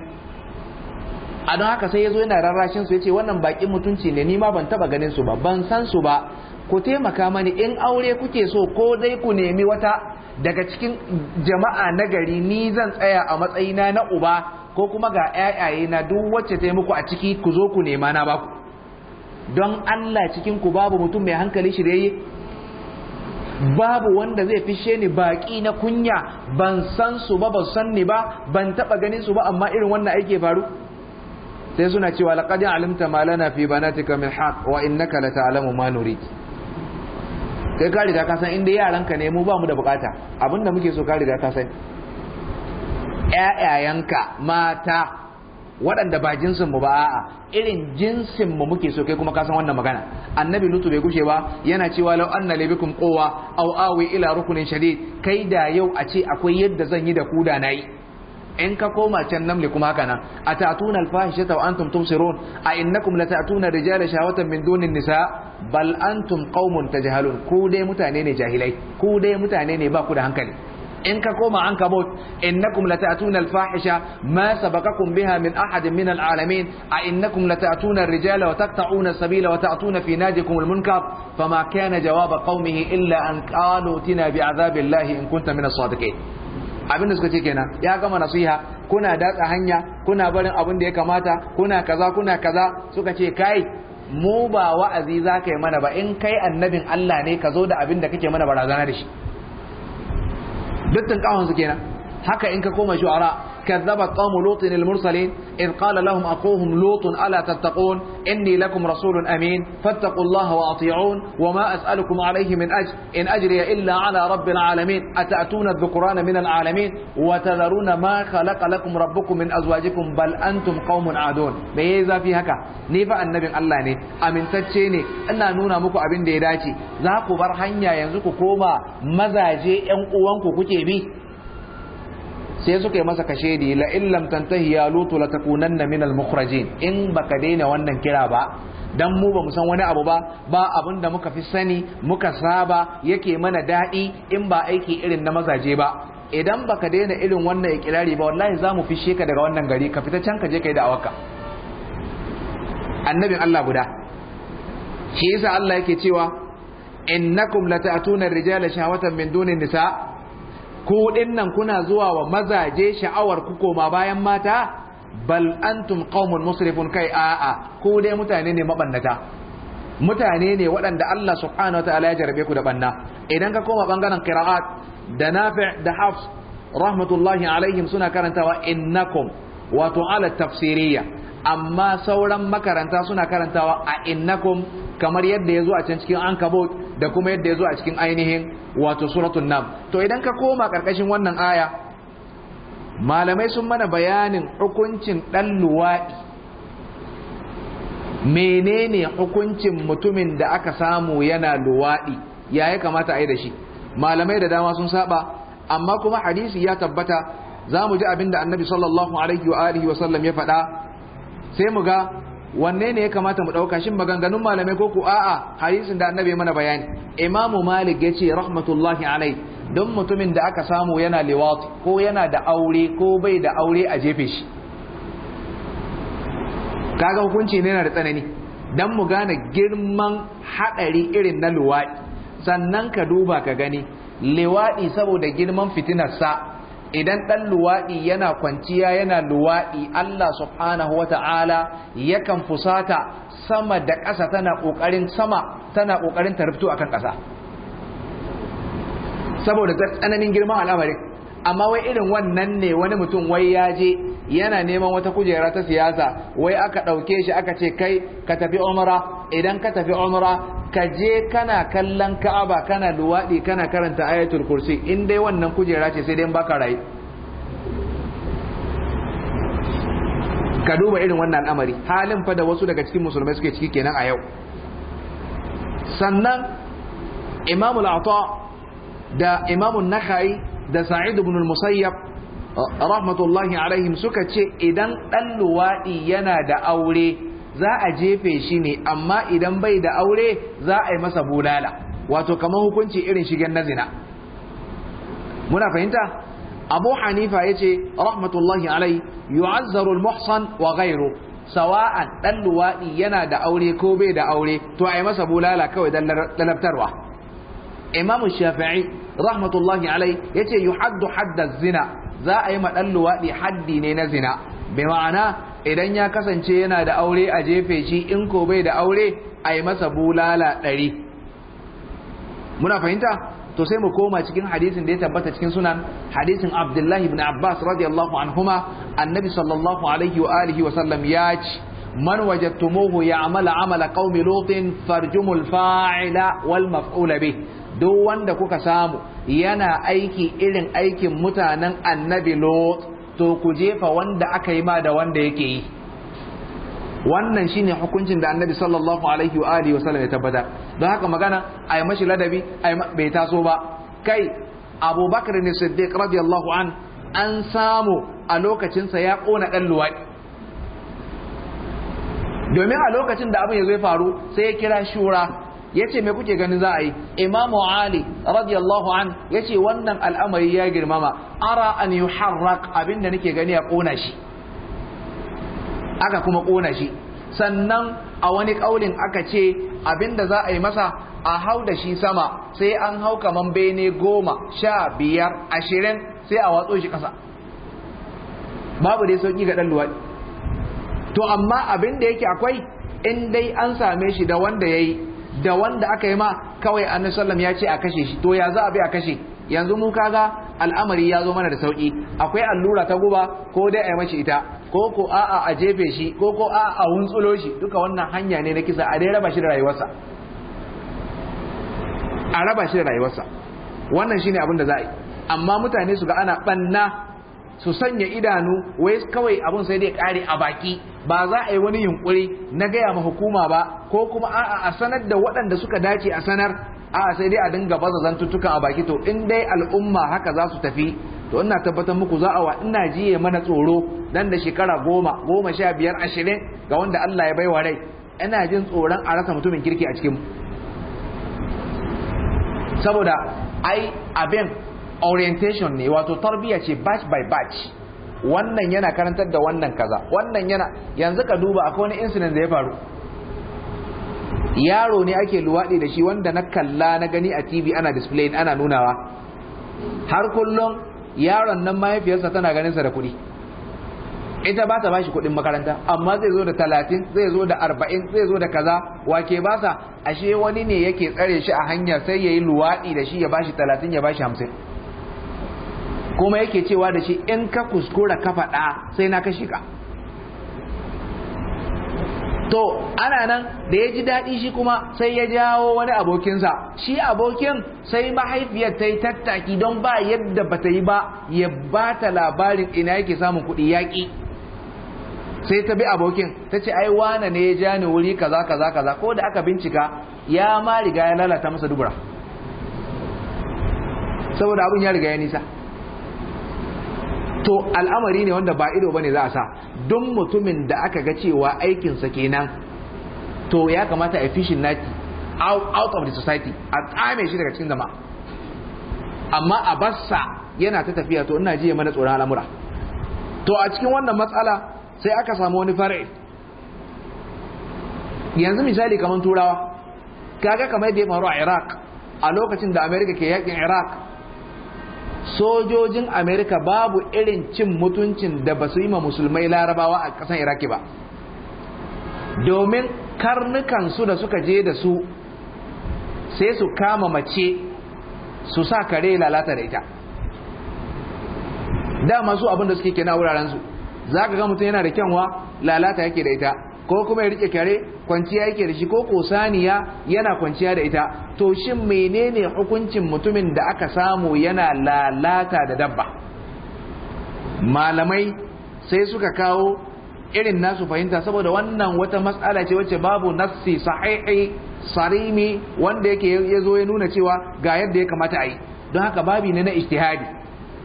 a don haka sai yazo yana rarrashin su ya ce wannan bakin mutunci ne ni ma ban taba ganin su ba ban san su ba ku taimaka mani in aure kuke so ko dai ku nemi wata daga cikin jama'a na gari ni zan tsaya a matsayina na uba ko kuma ga 'ya'yaye na duk wacce ta muku a ciki ku zo ku nema na baku don Allah cikin ku babu mutum mai hankali shirye babu wanda zai fishe ni baki na kunya ban san su ba ban san ni ba ban taba ganin su ba amma irin wannan aike faru sai suna cewa laqad alimta ma lana fi banatika min haqq wa innaka la ta'lamu ma nurid kai ka riga ka san inda yaranka ne mu ba mu da bukata abinda muke so ka riga ka san ƴaƴayanka mata waɗanda ba jinsin mu ba a'a irin jinsin mu muke so kai kuma ka san wannan magana annabi lutu bai gushe ba yana cewa law anna libikum quwa aw awi ila rukunin shadid kai da yau a ce akwai yadda zan yi da ku da nayi in ka koma can namli kuma haka nan atatuna alfahishata wa antum tumsirun a innakum latatuna rijala shahawatan min dunin nisa bal antum qaumun tajhalun ku dai mutane ne jahilai ku dai mutane ne ba ku da hankali in ka koma an kabot innakum latatuna alfahisha ma sabaqakum biha min ahadin min alalamin a innakum latatuna rijala wa taqta'una sabila wa ta'tuna fi nadikum almunkar fama kana jawaba qaumihi illa an qalu tina azabillahi in kunta min as-sadiqin abin da suka ce kenan ya gama nasiha kuna datsa hanya kuna barin abin da ya kamata kuna kaza kuna kaza suka ce kai mu ba wa'azi za ka yi mana ba in kai annabin Allah ne ka zo da abin da kake mana barazana da shi dukkan kawon su kenan haka in ka koma shu'ara كذب قوم لوط المرسلين إذ قال لهم أخوهم لوط ألا تتقون إني لكم رسول أمين فاتقوا الله وأطيعون وما أسألكم عليه من أجر إن أجري إلا على رب العالمين أتأتون الذكران من العالمين وتذرون ما خلق لكم ربكم من أزواجكم بل أنتم قوم عادون ميزا في هكا نيفا النبي الله ني أمن تتشيني أنا نونا مكو أبن ديداتي ذاكو برحنيا ينزكو كوما مزاجي أنقوانكو كتبي sai suka yi masa kashe da la illam tantahi ya lutu la takunanna min al mukhrajin in baka daina wannan kira ba dan mu bamu san wani abu ba ba abin da muka fi sani muka saba yake mana daɗi in ba aiki irin na mazaje ba idan baka daina irin wannan ikirari ba wallahi za mu fishe ka daga wannan gari ka fita can ka je kai da awaka annabin Allah guda shi yasa Allah yake cewa innakum lata'tuna ar-rijala shahwatan min dunin nisa' ko dinnan kuna zuwa wa mazaje sha'awar ku koma bayan mata bal antum qaumun musrifun kai a'a ku dai mutane ne mabannata mutane ne waɗanda Allah subhanahu wa ta'ala ya jarabe ku da banna idan ka koma bangaren qira'at da nafi' da hafs rahmatullahi alaihim suna karantawa innakum wato ala tafsiriyya amma sauran makaranta suna karantawa a innakum kamar yadda yazo a can cikin ankabot da kuma yadda ya zo a cikin ainihin wato suratun nam to idan ka koma karkashin wannan aya malamai sun mana bayanin hukuncin ɗan luwaɗi menene hukuncin mutumin da aka samu yana luwaɗi ya kamata ai da shi malamai da dama sun saba amma kuma hadisi ya tabbata za mu ji abinda annabi sallallahu alaihi wa alihi wa sallam ya faɗa sai mu ga wanne ne ya kamata mu dauka shin maganganun malamai ko ku a'a hadisin da annabi mana bayani imamu malik yace rahmatullahi alai don mutumin da aka samu yana liwati ko yana da aure ko bai da aure a jefe shi kaga hukunci ne yana da tsanani dan mu gane girman hadari irin na luwaɗi, sannan ka duba ka gani liwati saboda girman sa. idan ɗan luwaɗi yana kwanciya yana luwaɗi Allah subhanahu wa ta'ala yakan fusata sama da ƙasa tana ƙoƙarin sama tana ƙoƙarin ta a akan ƙasa saboda tsananin girman al'amarin amma wai irin wannan ne wani mutum wai ya je yana neman wata kujera ta siyasa wai aka ɗauke shi aka ce kai ka tafi umra idan ka tafi umra ka je kana kallon ka'aba kana luwaɗi kana karanta ayatul kursi in dai wannan kujera ce sai dai baka rai ka duba irin wannan al'amari halin fa da wasu daga cikin musulmai suke ciki kenan a yau sannan imamul ata da imamun nakhai da sa'id ibn al-musayyab rahmatullahi alaihim suka ce idan ɗan luwaɗi yana da aure za a jefe shi ne amma idan bai da aure za a yi masa bulala wato kamar hukunci irin shigen na zina muna fahimta abu hanifa ya ce rahmatullahi alai yu'azzaru muhsan wa ghairu sawa'an ɗan luwaɗi yana da aure ko bai da aure to a yi masa bulala kawai dan lalabtarwa imamu shafi'i rahmatullahi alai ya ce yuhaddu hadda zina za a yi ma ɗan luwaɗi haddi ne na zina bai ma'ana idan ya kasance yana da aure a jefe shi in ko bai da aure a yi masa bulala ɗari muna fahimta to sai mu koma cikin hadisin da ya tabbata cikin sunan hadisin abdullahi ibn abbas radiyallahu anhuma annabi sallallahu alaihi wa alihi wa sallam ya ci man ya ya'mala amala qaumi lutin farjumul fa'ila wal maf'ula bih duk wanda kuka samu yana aiki irin aikin mutanen annabi lot to ku jefa wanda aka yi ma da wanda yake yi wannan shine hukuncin da annabi sallallahu alaihi wa alihi wasallam ya tabbata don haka magana a yi mashi ladabi bai taso ba kai abubakar ne siddiq radiyallahu an an samu a lokacinsa ya kona dan luwai. domin a lokacin da abin ya zai faru sai ya kira shura Ya ce mai kuke ganin za a yi imamu ali radiyallahu an ce wannan al'amari ya girmama ara an harrak abinda nake gani a kona shi aka kuma ƙona shi sannan a wani kaulin aka ce abinda za a yi masa a hau da shi sama sai an hau kamar bene goma sha biyar ashirin sai a watso shi kasa babu dai sauki ga ɗan luwaɗi to amma abin da yake akwai in dai an same shi da wanda ya yi da wanda aka yi ma kawai annabi sallam ya ce a kashe shi to ya za a bi a kashe yanzu mu kaga al'amari ya zo mana da sauki akwai allura ta guba ko dai a yi mashi ita ko ko a'a a jefe shi ko ko a'a a wuntsulo shi duka wannan hanya ne na kisa a dai raba shi da rayuwarsa a raba shi da rayuwarsa wannan shine abin da za a yi amma mutane su ga ana banna su sanya idanu wai kawai abun sai dai kare a baki ba za a yi wani yunkuri na gaya ma hukuma ba ko kuma a'a a sanar da waɗanda suka dace a sanar a'a sai dai a dinga baza zantuttuka a baki to in dai al'umma haka za su tafi to ina tabbatar muku za a wa ina jiye mana tsoro dan da shekara goma goma sha biyar ashirin ga wanda Allah ya bai wa rai ina jin tsoron a rasa mutumin kirki a cikin saboda ai abin orientation ne wato tarbiyya ce batch by batch wannan yana karantar da wannan kaza wannan yana yanzu ka duba akwai wani incident da ya faru yaro ne ake luwaɗi da shi wanda na kalla na gani a tv ana display ana nunawa har kullum yaron nan mahaifiyarsa tana ganinsa da kuɗi ita ba ta ba shi kuɗin makaranta amma zai zo da talatin zai zo da arba'in zai zo da kaza wake ba sa ashe wani ne yake tsare shi a hanya sai ya yi luwaɗi da shi ya ba shi talatin ya ba hamsin kuma yake cewa da shi in ka kuskura ka faɗa sai na kashe ka to ana nan da ya ji daɗi shi kuma sai ya jawo wani abokinsa shi abokin sai mahaifiyar ta yi tattaki don ba yadda ba ta yi ba ya ba ta labarin ina yake samun kuɗi yaƙi sai ta bi abokin ta ce ai wane ne ya ja wuri kaza kaza kaza ko da aka bincika ya ma riga ya lalata masa dubura saboda abin ya riga ya nisa to al'amari ne wanda ba ido bane za a sa don mutumin da aka ga cewa aikinsa kenan to ya kamata a fishin nati out of the society a tsame shi daga cikin zama amma a bassa yana ta tafiya to ina jiya mana tsoron al'amura to a cikin wannan matsala sai aka samu wani fara'i yanzu misali kamar turawa kaga kamar da ya faru a iraq a lokacin da america ke yakin iraq sojojin amerika babu irin cin mutuncin da ba su yi ma musulmai larabawa a ƙasar iraki ba domin karnukansu da suka je da su sai su kama mace su sa kare lalata da ita dama su abinda suke wuraren wurarensu za ka ga mutum yana da kyanwa lalata yake da ita ko kuma ya rike kare kwanciya yake da shi ko kosaniya yana kwanciya da ita to shin menene hukuncin mutumin da aka samu yana lalata da dabba malamai sai suka kawo irin nasu fahimta saboda wannan wata matsala ce wacce babu nassi sahihi sarimi wanda yake ya zo ya nuna cewa ga yadda ya kamata a yi don haka babi ne na ijtihadi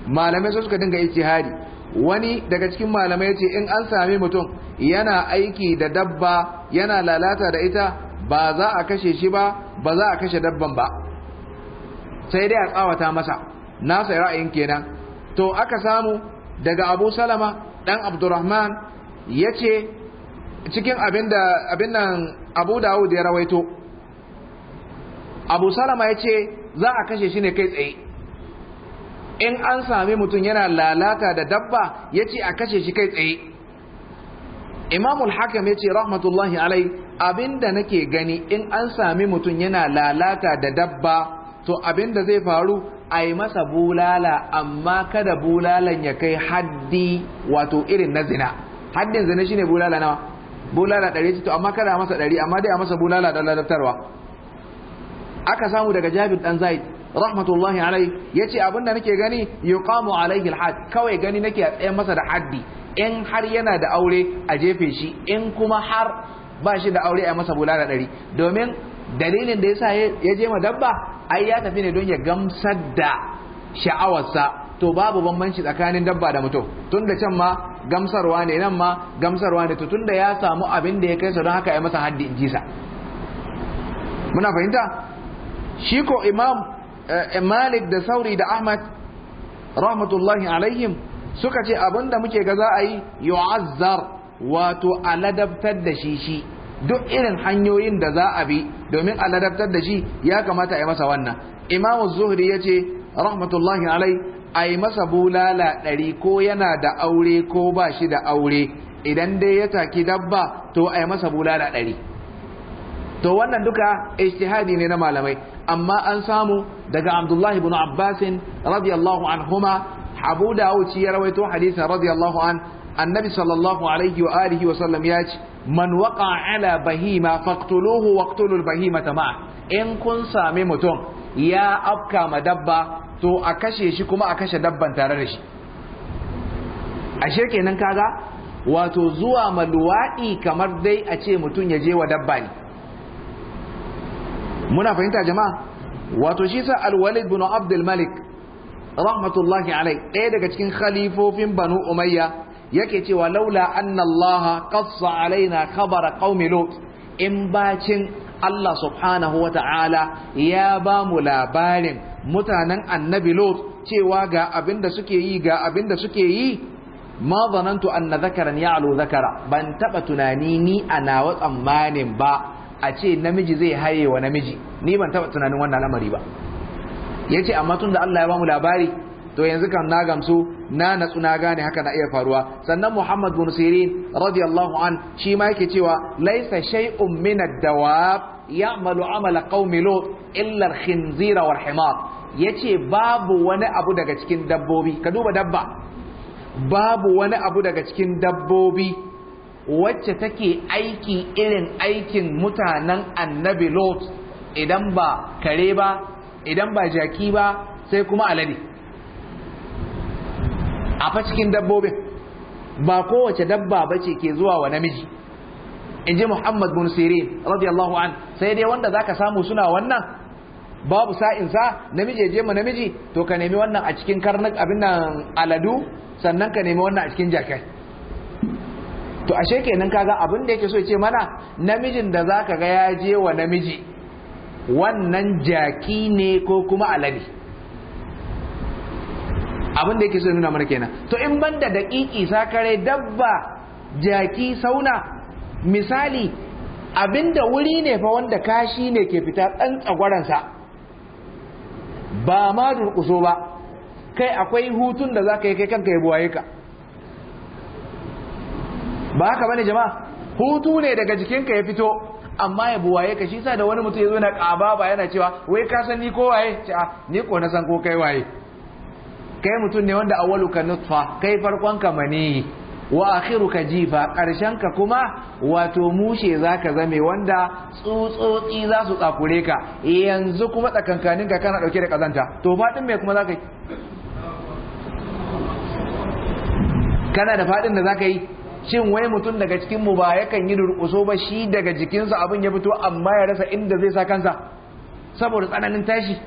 malamai sai suka dinga ijtihadi wani daga cikin malamai ce in an sami mutum yana aiki da dabba yana lalata da ita ba za a kashe shi ba ba za a kashe dabban ba sai dai a tsawata masa nasa ra'ayin kenan to aka samu daga abu salama dan abdurrahman ya ce cikin abin nan abu dawud ya rawaito abu salama ya ce za a kashe shi ne kai tsaye in an sami mutum yana lalata da dabba ya ce a kashe shi kai tsaye imamul hakam ya ce rahmatullahi alai abinda nake gani in an sami mutum yana lalata da dabba to abinda zai faru a yi masa bulala amma kada bulalan ya kai haddi wato irin na zina haddin zina shine bulala nawa bulala ɗari to amma kada a masa ɗari amma dai a masa bulala da ladatarwa aka samu daga jabir dan zaid rahmatullahi alai ya yace da nake gani yuqamu alaihi alhad kawai gani nake a masa da haddi in har yana da aure a jefe shi in kuma har ba shi da aure a masa bulala dari domin dalilin da ya sa ya je ma dabba ai ya tafi ne don ya gamsar da sha'awarsa to babu bambanci tsakanin dabba da mutum tun da can ma gamsarwa ne nan ma gamsarwa ne to tun da ya samu abin da ya kai sa don haka ya masa haddi in jisa muna fahimta shi ko imam Eh, malik da sauri da ahmad rahmatullahi alaihim suka ce abinda muke ga za a yi yu'azzar wato aladabtar da shi shi duk irin hanyoyin da za a bi domin aladabtar da shi ya kamata a yi masa wannan imamu zuhri ya ce rahmatullahi alai a yi masa bulala ɗari ko yana da aure ko ba shi da aure idan dai ya taki dabba to a yi masa bulala ɗari to wannan duka ijtihadi ne na malamai amma an samu daga Abdullah ibn Abbas radiyallahu anhuma Abu Dawud ya rawaito hadisin radiyallahu an annabi sallallahu alaihi wa alihi wa sallam ya ce man waqa ala bahima faqtuluhu waqtulul bahimata tama in kun sami mutum ya afka ma dabba to a kashe shi kuma a kashe dabban tare da shi ashe kenan kaga wato zuwa ma kamar dai a ce mutum ya je wa dabba ne muna fahimta jama'a wato shi sa alwalid bin abdul malik rahmatullahi alai ɗaya daga cikin khalifofin banu umayya yake cewa laula anna allah qassa alaina khabar qaumi lut in bacin allah subhanahu wata'ala ya ba mu labarin mutanen annabi lot cewa ga abinda suke yi ga abinda suke yi ma zanantu anna zakaran ya'lu zakara ban taba tunani ni ana nawa tsammanin ba a ce namiji zai haye wa namiji ni ban taba tunanin wannan lamari ba Yace amma tun da Allah ya ba mu labari to yanzu kan na gamsu na natsu na gane haka na iya faruwa sannan Muhammad bin Sirin radiyallahu an shi ma yake cewa laisa shay'un min ad-dawab ya'malu amala qaumi lut illa al-khinzira wal himar yace babu wani abu daga cikin dabbobi ka duba dabba babu wani abu daga cikin dabbobi wacce take aiki irin aikin mutanen annabi lot idan ba kare ba idan ba jaki ba sai kuma alade a fa cikin dabbobin ba kowace dabba bace ke zuwa wa namiji in ji muhammad bin sirin radiyallahu an sai dai wanda zaka samu suna wannan babu sa namiji ya je ma namiji to ka nemi wannan a cikin karnak abin nan aladu sannan ka nemi wannan a cikin jakai to ashe kenan kaga abin da yake so ce mana namijin da zaka ga ya je wa namiji wannan jaki ne ko kuma alade abin da yake so nuna mana kenan to in banda daƙiƙi sakare dabba jaki sauna misali abinda wuri ne fa wanda kashi ne ke fita ɗan sa ba ma durƙuso ba kai akwai hutun da za ka yi kai kanka ya buwaye ka ba haka bane jama'a hutu ne daga jikinka ya fito amma ya buwaye ka shi sa da wani mutum ya zo na ƙaba ba yana cewa wai ka san ni ko waye ce a ah, ni ko na san ko kai waye kai mutum ne wanda awwalu ka nutfa kai farkon ka mani wa akhiru ka jifa karshen ka kuma wato mushe zaka zame wanda tsutsotsi za su tsakure ka yanzu kuma tsakankanin ka kana dauke da kazanta to fadin me kuma zaka yi kana da fadin da zaka yi Cin wai mutum daga cikin mu ba yakan yi durƙuso ba shi daga jikinsa abin ya fito amma ya rasa inda zai sa kansa saboda tsananin tashi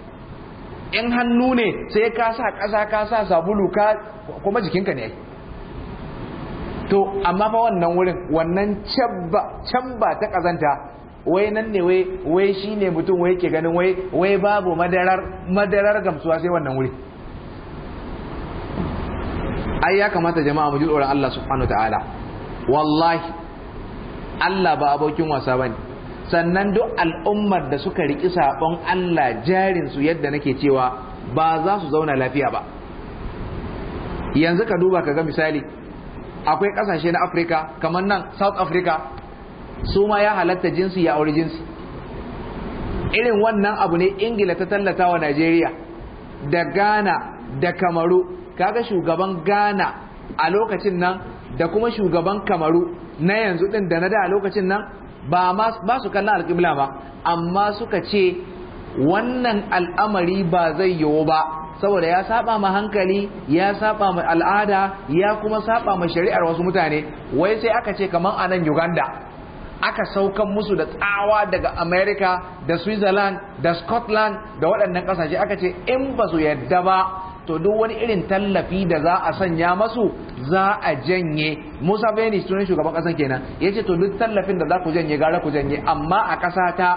in hannu ne sai ka sa kasa ka sa sabulu ka kuma jikinka ne to amma fa wannan wurin wannan can ba ta kazanta wai nan ne wai wai shine mutum wai ke ganin wai wai babu madarar madarar gamsuwa sai wannan wuri ai ya kamata jama'a mu ji tsoron Allah subhanahu wataala wallahi Allah ba abokin wasa bane sannan duk al'ummar da suka riƙi sabon Allah jarin su yadda nake cewa ba za su zauna lafiya ba yanzu ka duba ka ga misali akwai kasashe na Afrika kamar nan South Africa su ma ya halatta jinsi ya auri jinsi irin wannan abu ne Ingila ta tallata wa Najeriya da Ghana da Kamaru kaga shugaban Ghana a lokacin nan da kuma shugaban kamaru na yanzu ɗin da na da lokacin nan ba su kallon alƙibla ba amma suka ce wannan al'amari ba zai yiwu ba saboda ya saba ma hankali ya saba ma al'ada ya kuma saba ma shari'ar wasu mutane wai sai aka ce kamar a nan uganda aka saukan musu da tsawa daga america da switzerland da scotland da waɗannan ƙasashe aka ce in ba su yadda ba to duk wani irin tallafi da za a sanya masu za a janye Musa Beni sunan shugaban ƙasar kenan yace to duk tallafin da za ku janye gara ku janye amma a kasa ta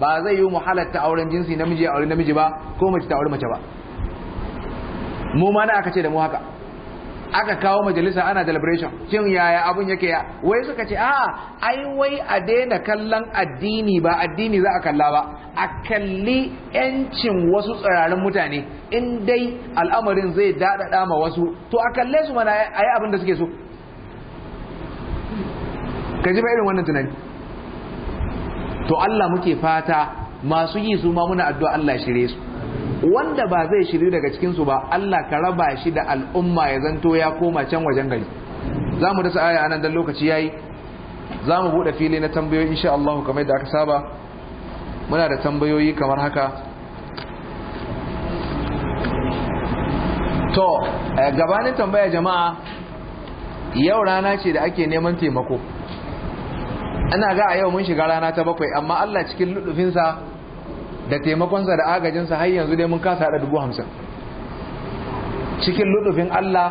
ba zai yi mu halatta auren jinsi namiji a namiji ba ko mace ta aure mace ba mu ma na aka ce da mu haka aka kawo majalisa ana deliberation shin yaya abun yake ya wai suka ce a ai wai a daina kallon addini ba addini za a kalla ba a kalli yancin wasu tsirarin mutane in dai al'amarin zai daɗaɗa ma wasu to a kalle su mana a yi abin da suke so ka ji ba irin wannan tunani to Allah muke fata masu yi su ma muna addu'a Allah shirye su wanda ba zai shiri daga cikinsu ba Allah ka raba shi da al'umma ya zanto ya koma can wajen gari za mu dasa aya anan dan lokaci ya yi za mu buɗe fili na tambayoyi insha Allah kamar da aka saba muna da tambayoyi kamar haka to eh, gabanin tambaya jama'a yau rana ce da ake neman taimako ana ga a yau mun shiga rana ta bakwai amma Allah cikin luɗufinsa da taimakonsa da agajinsa har yanzu dai mun kasa haɗa dubu hamsin cikin ludufin Allah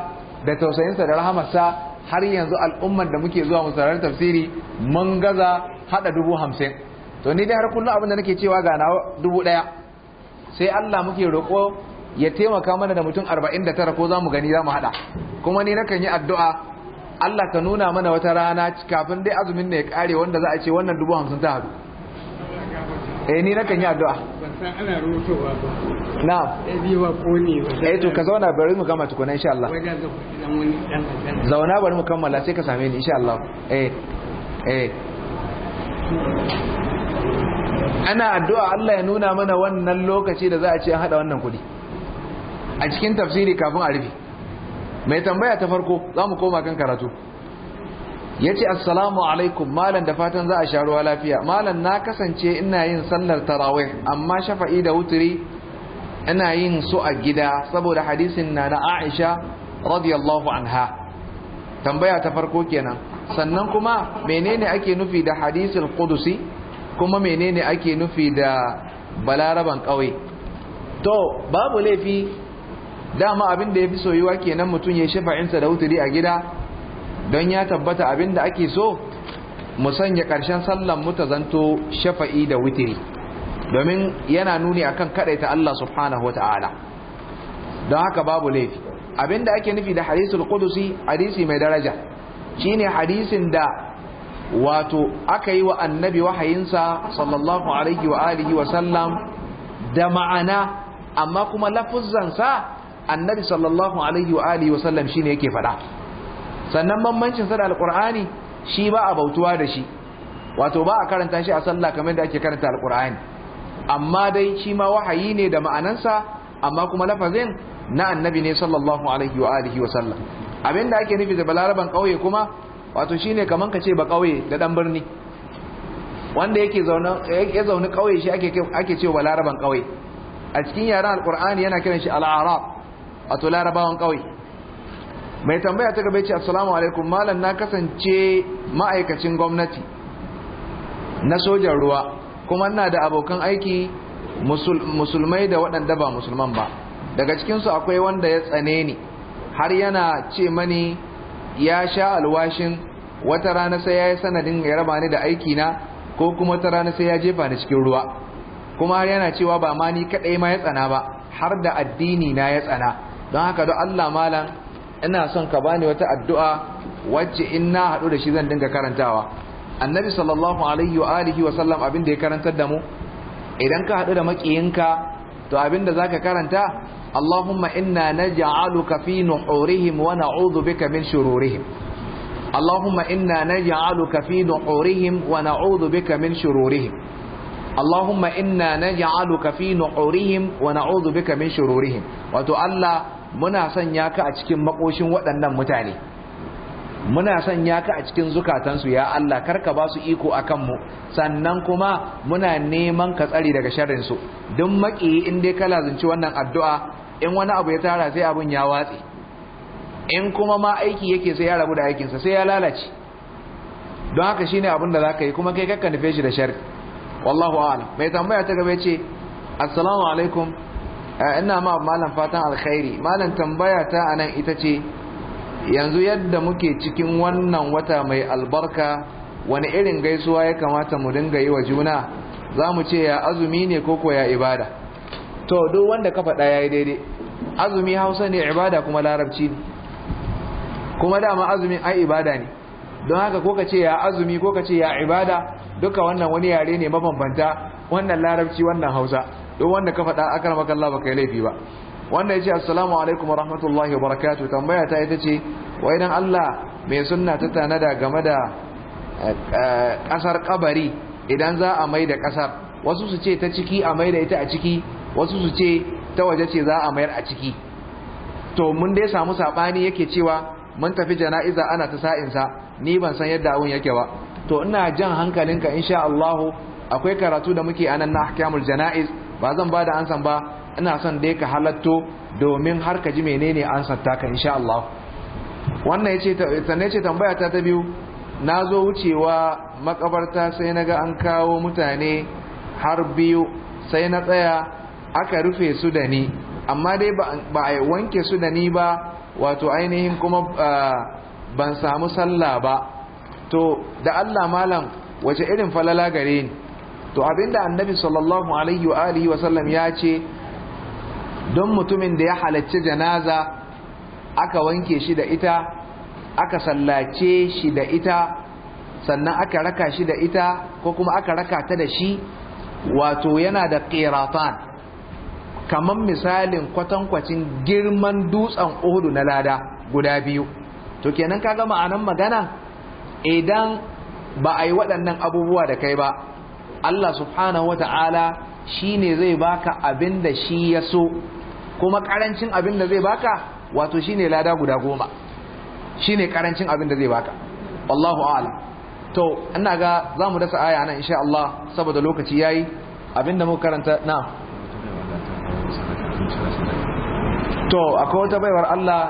da tausayinsa da rahamarsa har yanzu al'ummar da muke zuwa musarar tafsiri mun gaza haɗa dubu hamsin to ni dai har kullum abin da nake cewa ga dubu ɗaya sai Allah muke roƙo ya taimaka mana da mutum arba'in da tara ko za mu gani za mu haɗa kuma ni nakan yi addu'a Allah ka nuna mana wata rana kafin dai azumin ne ya kare wanda za a ce wannan dubu hamsin ta haɗu eh ni nakan yi addu'a ban san ana rutowa ba na'am eh ko ne eh to ka zauna bari mu gama tukuna insha Allah zauna bari mu kammala sai ka same ni insha Allah eh eh ana addu'a Allah ya nuna mana wannan lokaci da za a ce an hada wannan kudi a cikin tafsiri kafin a rufe mai tambaya ta farko za mu koma kan karatu ya ce assalamu alaikum malam da fatan za a sha lafiya malam na kasance ina yin sallar tarawih amma shafa'i da wuturi ina yin su a gida saboda hadisin na na aisha radiyallahu anha tambaya ta farko kenan sannan kuma menene ake nufi da hadisin kudusi kuma menene ake nufi da balaraban ƙauye to babu laifi dama abin da ya fi soyuwa kenan mutum ya shafa'insa da wuturi a gida don ya tabbata abinda ake so mu sanya ƙarshen sallan mu ta zanto shafa'i da witiri domin yana nuni akan kadaita Allah subhanahu wata'ala don haka babu laifi abinda ake nufi da hadisul Kudusi hadisi mai daraja shine hadisin da wato aka yi wa annabi wahayinsa sallallahu alaihi wa alihi wa sallam da ma'ana amma kuma lafuzzansa annabi sallallahu alaihi wa alihi wa sallam shine yake faɗa sannan bambancin sa da alqur'ani shi ba a bautuwa da shi wato ba a karanta shi a sallah kamar da ake karanta alqur'ani amma dai shi ma wahayi ne da ma'anansa amma kuma lafazin na annabi ne sallallahu alaihi wa alihi wa sallam abinda ake nufi da balaraban kauye kuma wato shine kaman ka ce ba kauye da dan birni wanda yake zaune ya zaune kauye shi ake ake cewa balaraban kauye a cikin yaran alqur'ani yana kiran shi al-arab wato larabawan kauye mai tambaya ta gaba ce assalamu alaikum malam na kasance ma'aikacin gwamnati na sojan ruwa kuma ina da abokan aiki musulmai da waɗanda ba musulman ba daga cikinsu akwai wanda ya tsane ni har yana ce mani ya sha alwashin wata rana sai ya yi sanadin ya raba ni da aikina ko kuma wata rana sai ya jefa ni cikin ruwa kuma har yana cewa ba ma ni kaɗai ma ya tsana ba har da addini na ya tsana don haka don allah malam ina son ka bani wata addu'a wacce in na haɗu da shi zan dinga karantawa annabi sallallahu alaihi wa alihi wa sallam abin da ya karantar da mu idan ka haɗu da makiyinka to abin da zaka karanta Allahumma inna naj'aluka fi nuhurihim wa na'udhu bika min shururihim Allahumma inna naj'aluka fi nuhurihim wa na'udhu bika min shururihim Allahumma inna naj'aluka fi nuhurihim wa na'udhu bika min shururihim wato Allah muna sanya ka a cikin makoshin waɗannan mutane muna sanya ka a cikin zukatansu ya Allah karka ba su iko a kanmu sannan kuma muna neman ka tsari daga sharrinsu don maƙiyi in dai ka lazunci wannan addu'a in wani abu ya tara sai abin ya watsi, in kuma ma aiki yake sai ya rabu da aikinsa sai ya lalace don haka shine abin da za ka yi kuma kai kakka nufe shi da sharri wallahu ala mai tambaya ta gaba ce assalamu alaikum Eh, ina ma malam fatan alkhairi malam tambaya ta anan ita ce yanzu yadda muke cikin wannan wata mai albarka wani irin gaisuwa ya kamata mu dinga yi wa juna za mu ce ya azumi ne ko ko ya ibada to duk wanda ka faɗa ya yi daidai azumi hausa ne ibada kuma larabci ne kuma dama azumi ai ibada ne don haka ko ka ce ya azumi ko ka ce ya ibada duka wannan wani yare ne mabambanta wannan larabci wannan hausa duk wanda ka faɗa akar makalla ba kai laifi ba wanda ya ce assalamu alaikum rahmatullahi wa barakatu tambaya ta ita ce wa idan Allah mai sunna ta da game da eh, eh, ƙasar kabari idan za a mai da ƙasar wasu su ce ta ciki a mai da ita a ciki wasu su ce ta waje ce za a mayar a ciki to mun dai samu saɓani yake cewa mun tafi jana'iza ana ta sa'insa ni ban san yadda abun yake ba to ina jan hankalinka insha Allah akwai karatu da muke anan na ahkamul jana'iz ba zan ba da ansan ba ina son dai ka halatto domin har ka ji menene ansan taka insha Allah wannan yace sanne yace tambaya ta ta biyu na zo wucewa makabarta sai na ga an kawo mutane har biyu sai na tsaya aka rufe su da ni amma dai ba a wanke su da ni ba wato ainihin kuma ban samu sallah ba to da Allah malam wace irin falala gare ni to abinda annabi sallallahu alaihi wa alihi wasallam ya ce don mutumin da ya halarci janaza aka wanke shi da ita aka sallace shi da ita sannan aka raka shi da ita ko kuma aka raka ta da shi wato yana da qiratan kaman misalin kwatankwacin girman dutsen uhudu na lada guda biyu to kenan ka kaga ma'anan magana idan ba a yi waɗannan abubuwa da kai ba Allah subhanahu wata'ala shine zai baka abin da shi ya so kuma karancin abin da zai baka wato shine lada guda goma Shi ne karancin abin da zai baka wallahu ala to ina ga za mu dasa aya nan insha Allah saboda lokaci ya yi abin da muka karanta na to akwai wata baiwar Allah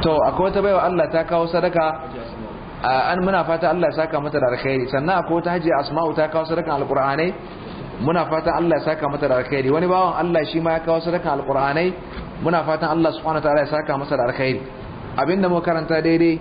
to akwai wata baiwar Allah ta kawo sadaka an muna fata Allah ya saka mata da alkhairi sannan akwai wata hajiya asma'u ta kawo sadakan alqur'anai muna fatan Allah ya saka mata da alkhairi wani bawan Allah shi ma ya kawo sadakan alqur'anai muna fatan Allah subhanahu wataala ya saka masa da alkhairi abinda muka karanta daidai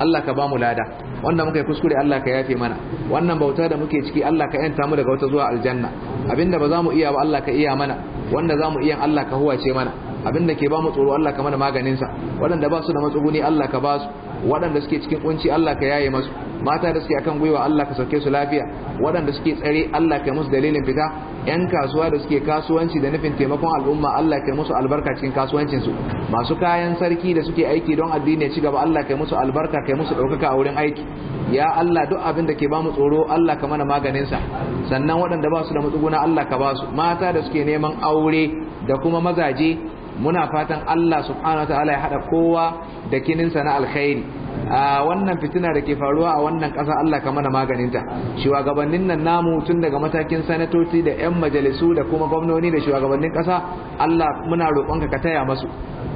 Allah ka bamu lada wannan muka yi kuskure Allah ka yafe mana wannan bauta da muke ciki Allah ka yanta mu daga wata zuwa aljanna abinda ba za mu iya ba Allah ka iya mana wanda za mu iya Allah ka huwace mana abinda ke bamu tsoro Allah ka mana maganin sa waɗanda ba su da matsuguni Allah ka ba su waɗanda suke cikin kunci Allah ka yaye masu mata da suke akan gwiwa Allah ka sauke su lafiya waɗanda suke tsare Allah ka musu dalilin fita yan kasuwa da suke kasuwanci da nufin taimakon al'umma Allah ka musu albarka cikin kasuwancin su masu kayan sarki da suke aiki don addini ya ci gaba Allah ka musu albarka ka musu ɗaukaka a wurin aiki ya Allah duk abin da ke ba mu tsoro Allah ka mana maganin sa sannan waɗanda ba su da matsuguna Allah ka ba su mata da suke neman aure da kuma mazaje muna fatan Allah subhanahu wa ta'ala ya hada kowa da kininsa na alkhairi a wannan fitina da ke faruwa a wannan ƙasa Allah ka mana maganinta shugabannin nan namu tun daga matakin sanatoci da 'yan majalisu da kuma gwamnoni da shugabannin ƙasa Allah muna roƙonka ka taya masu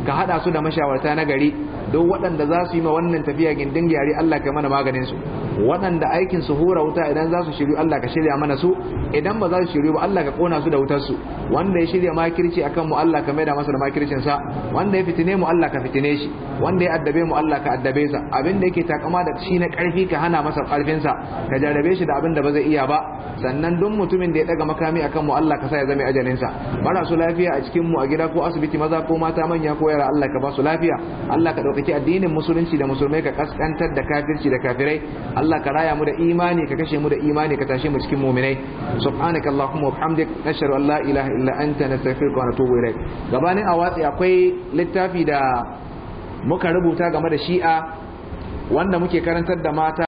ka haɗa su da mashawarta na gari don waɗanda za su yi ma wannan tafiya gindin gyari Allah ka mana maganin su waɗanda aikin su hura wuta idan za su shiru. Allah ka shirya mana su idan ba za su shiryu ba Allah ka kona su da wutar su wanda ya shirya makirci akan mu Allah ka maida masa da makircin sa wanda ya fitine mu Allah ka fitine shi wanda ya addabe mu Allah ka addabe sa abin da yake takama da shi na karfi ka hana masa karfinsa ka jarrabe shi da abin da ba zai iya ba sannan duk mutumin da ya daga makami akan mu Allah ka sa ya sa ajalinsa marasu lafiya a cikin mu a gida ko asibiti maza ko mata manya ko yara Allah ka ba su lafiya Allah ka ɗaukaki addinin musulunci da musulmai ka kaskantar da kafirci da kafirai Allah ka raya mu da imani ka kashe mu da imani ka tashe mu cikin mu'minai subhanaka allahumma wa bihamdik nashhadu an la ilaha illa anta nastaghfiruka wa natubu ilaik gabanin a watsi akwai littafi da muka rubuta game da shi'a wanda muke karantar da mata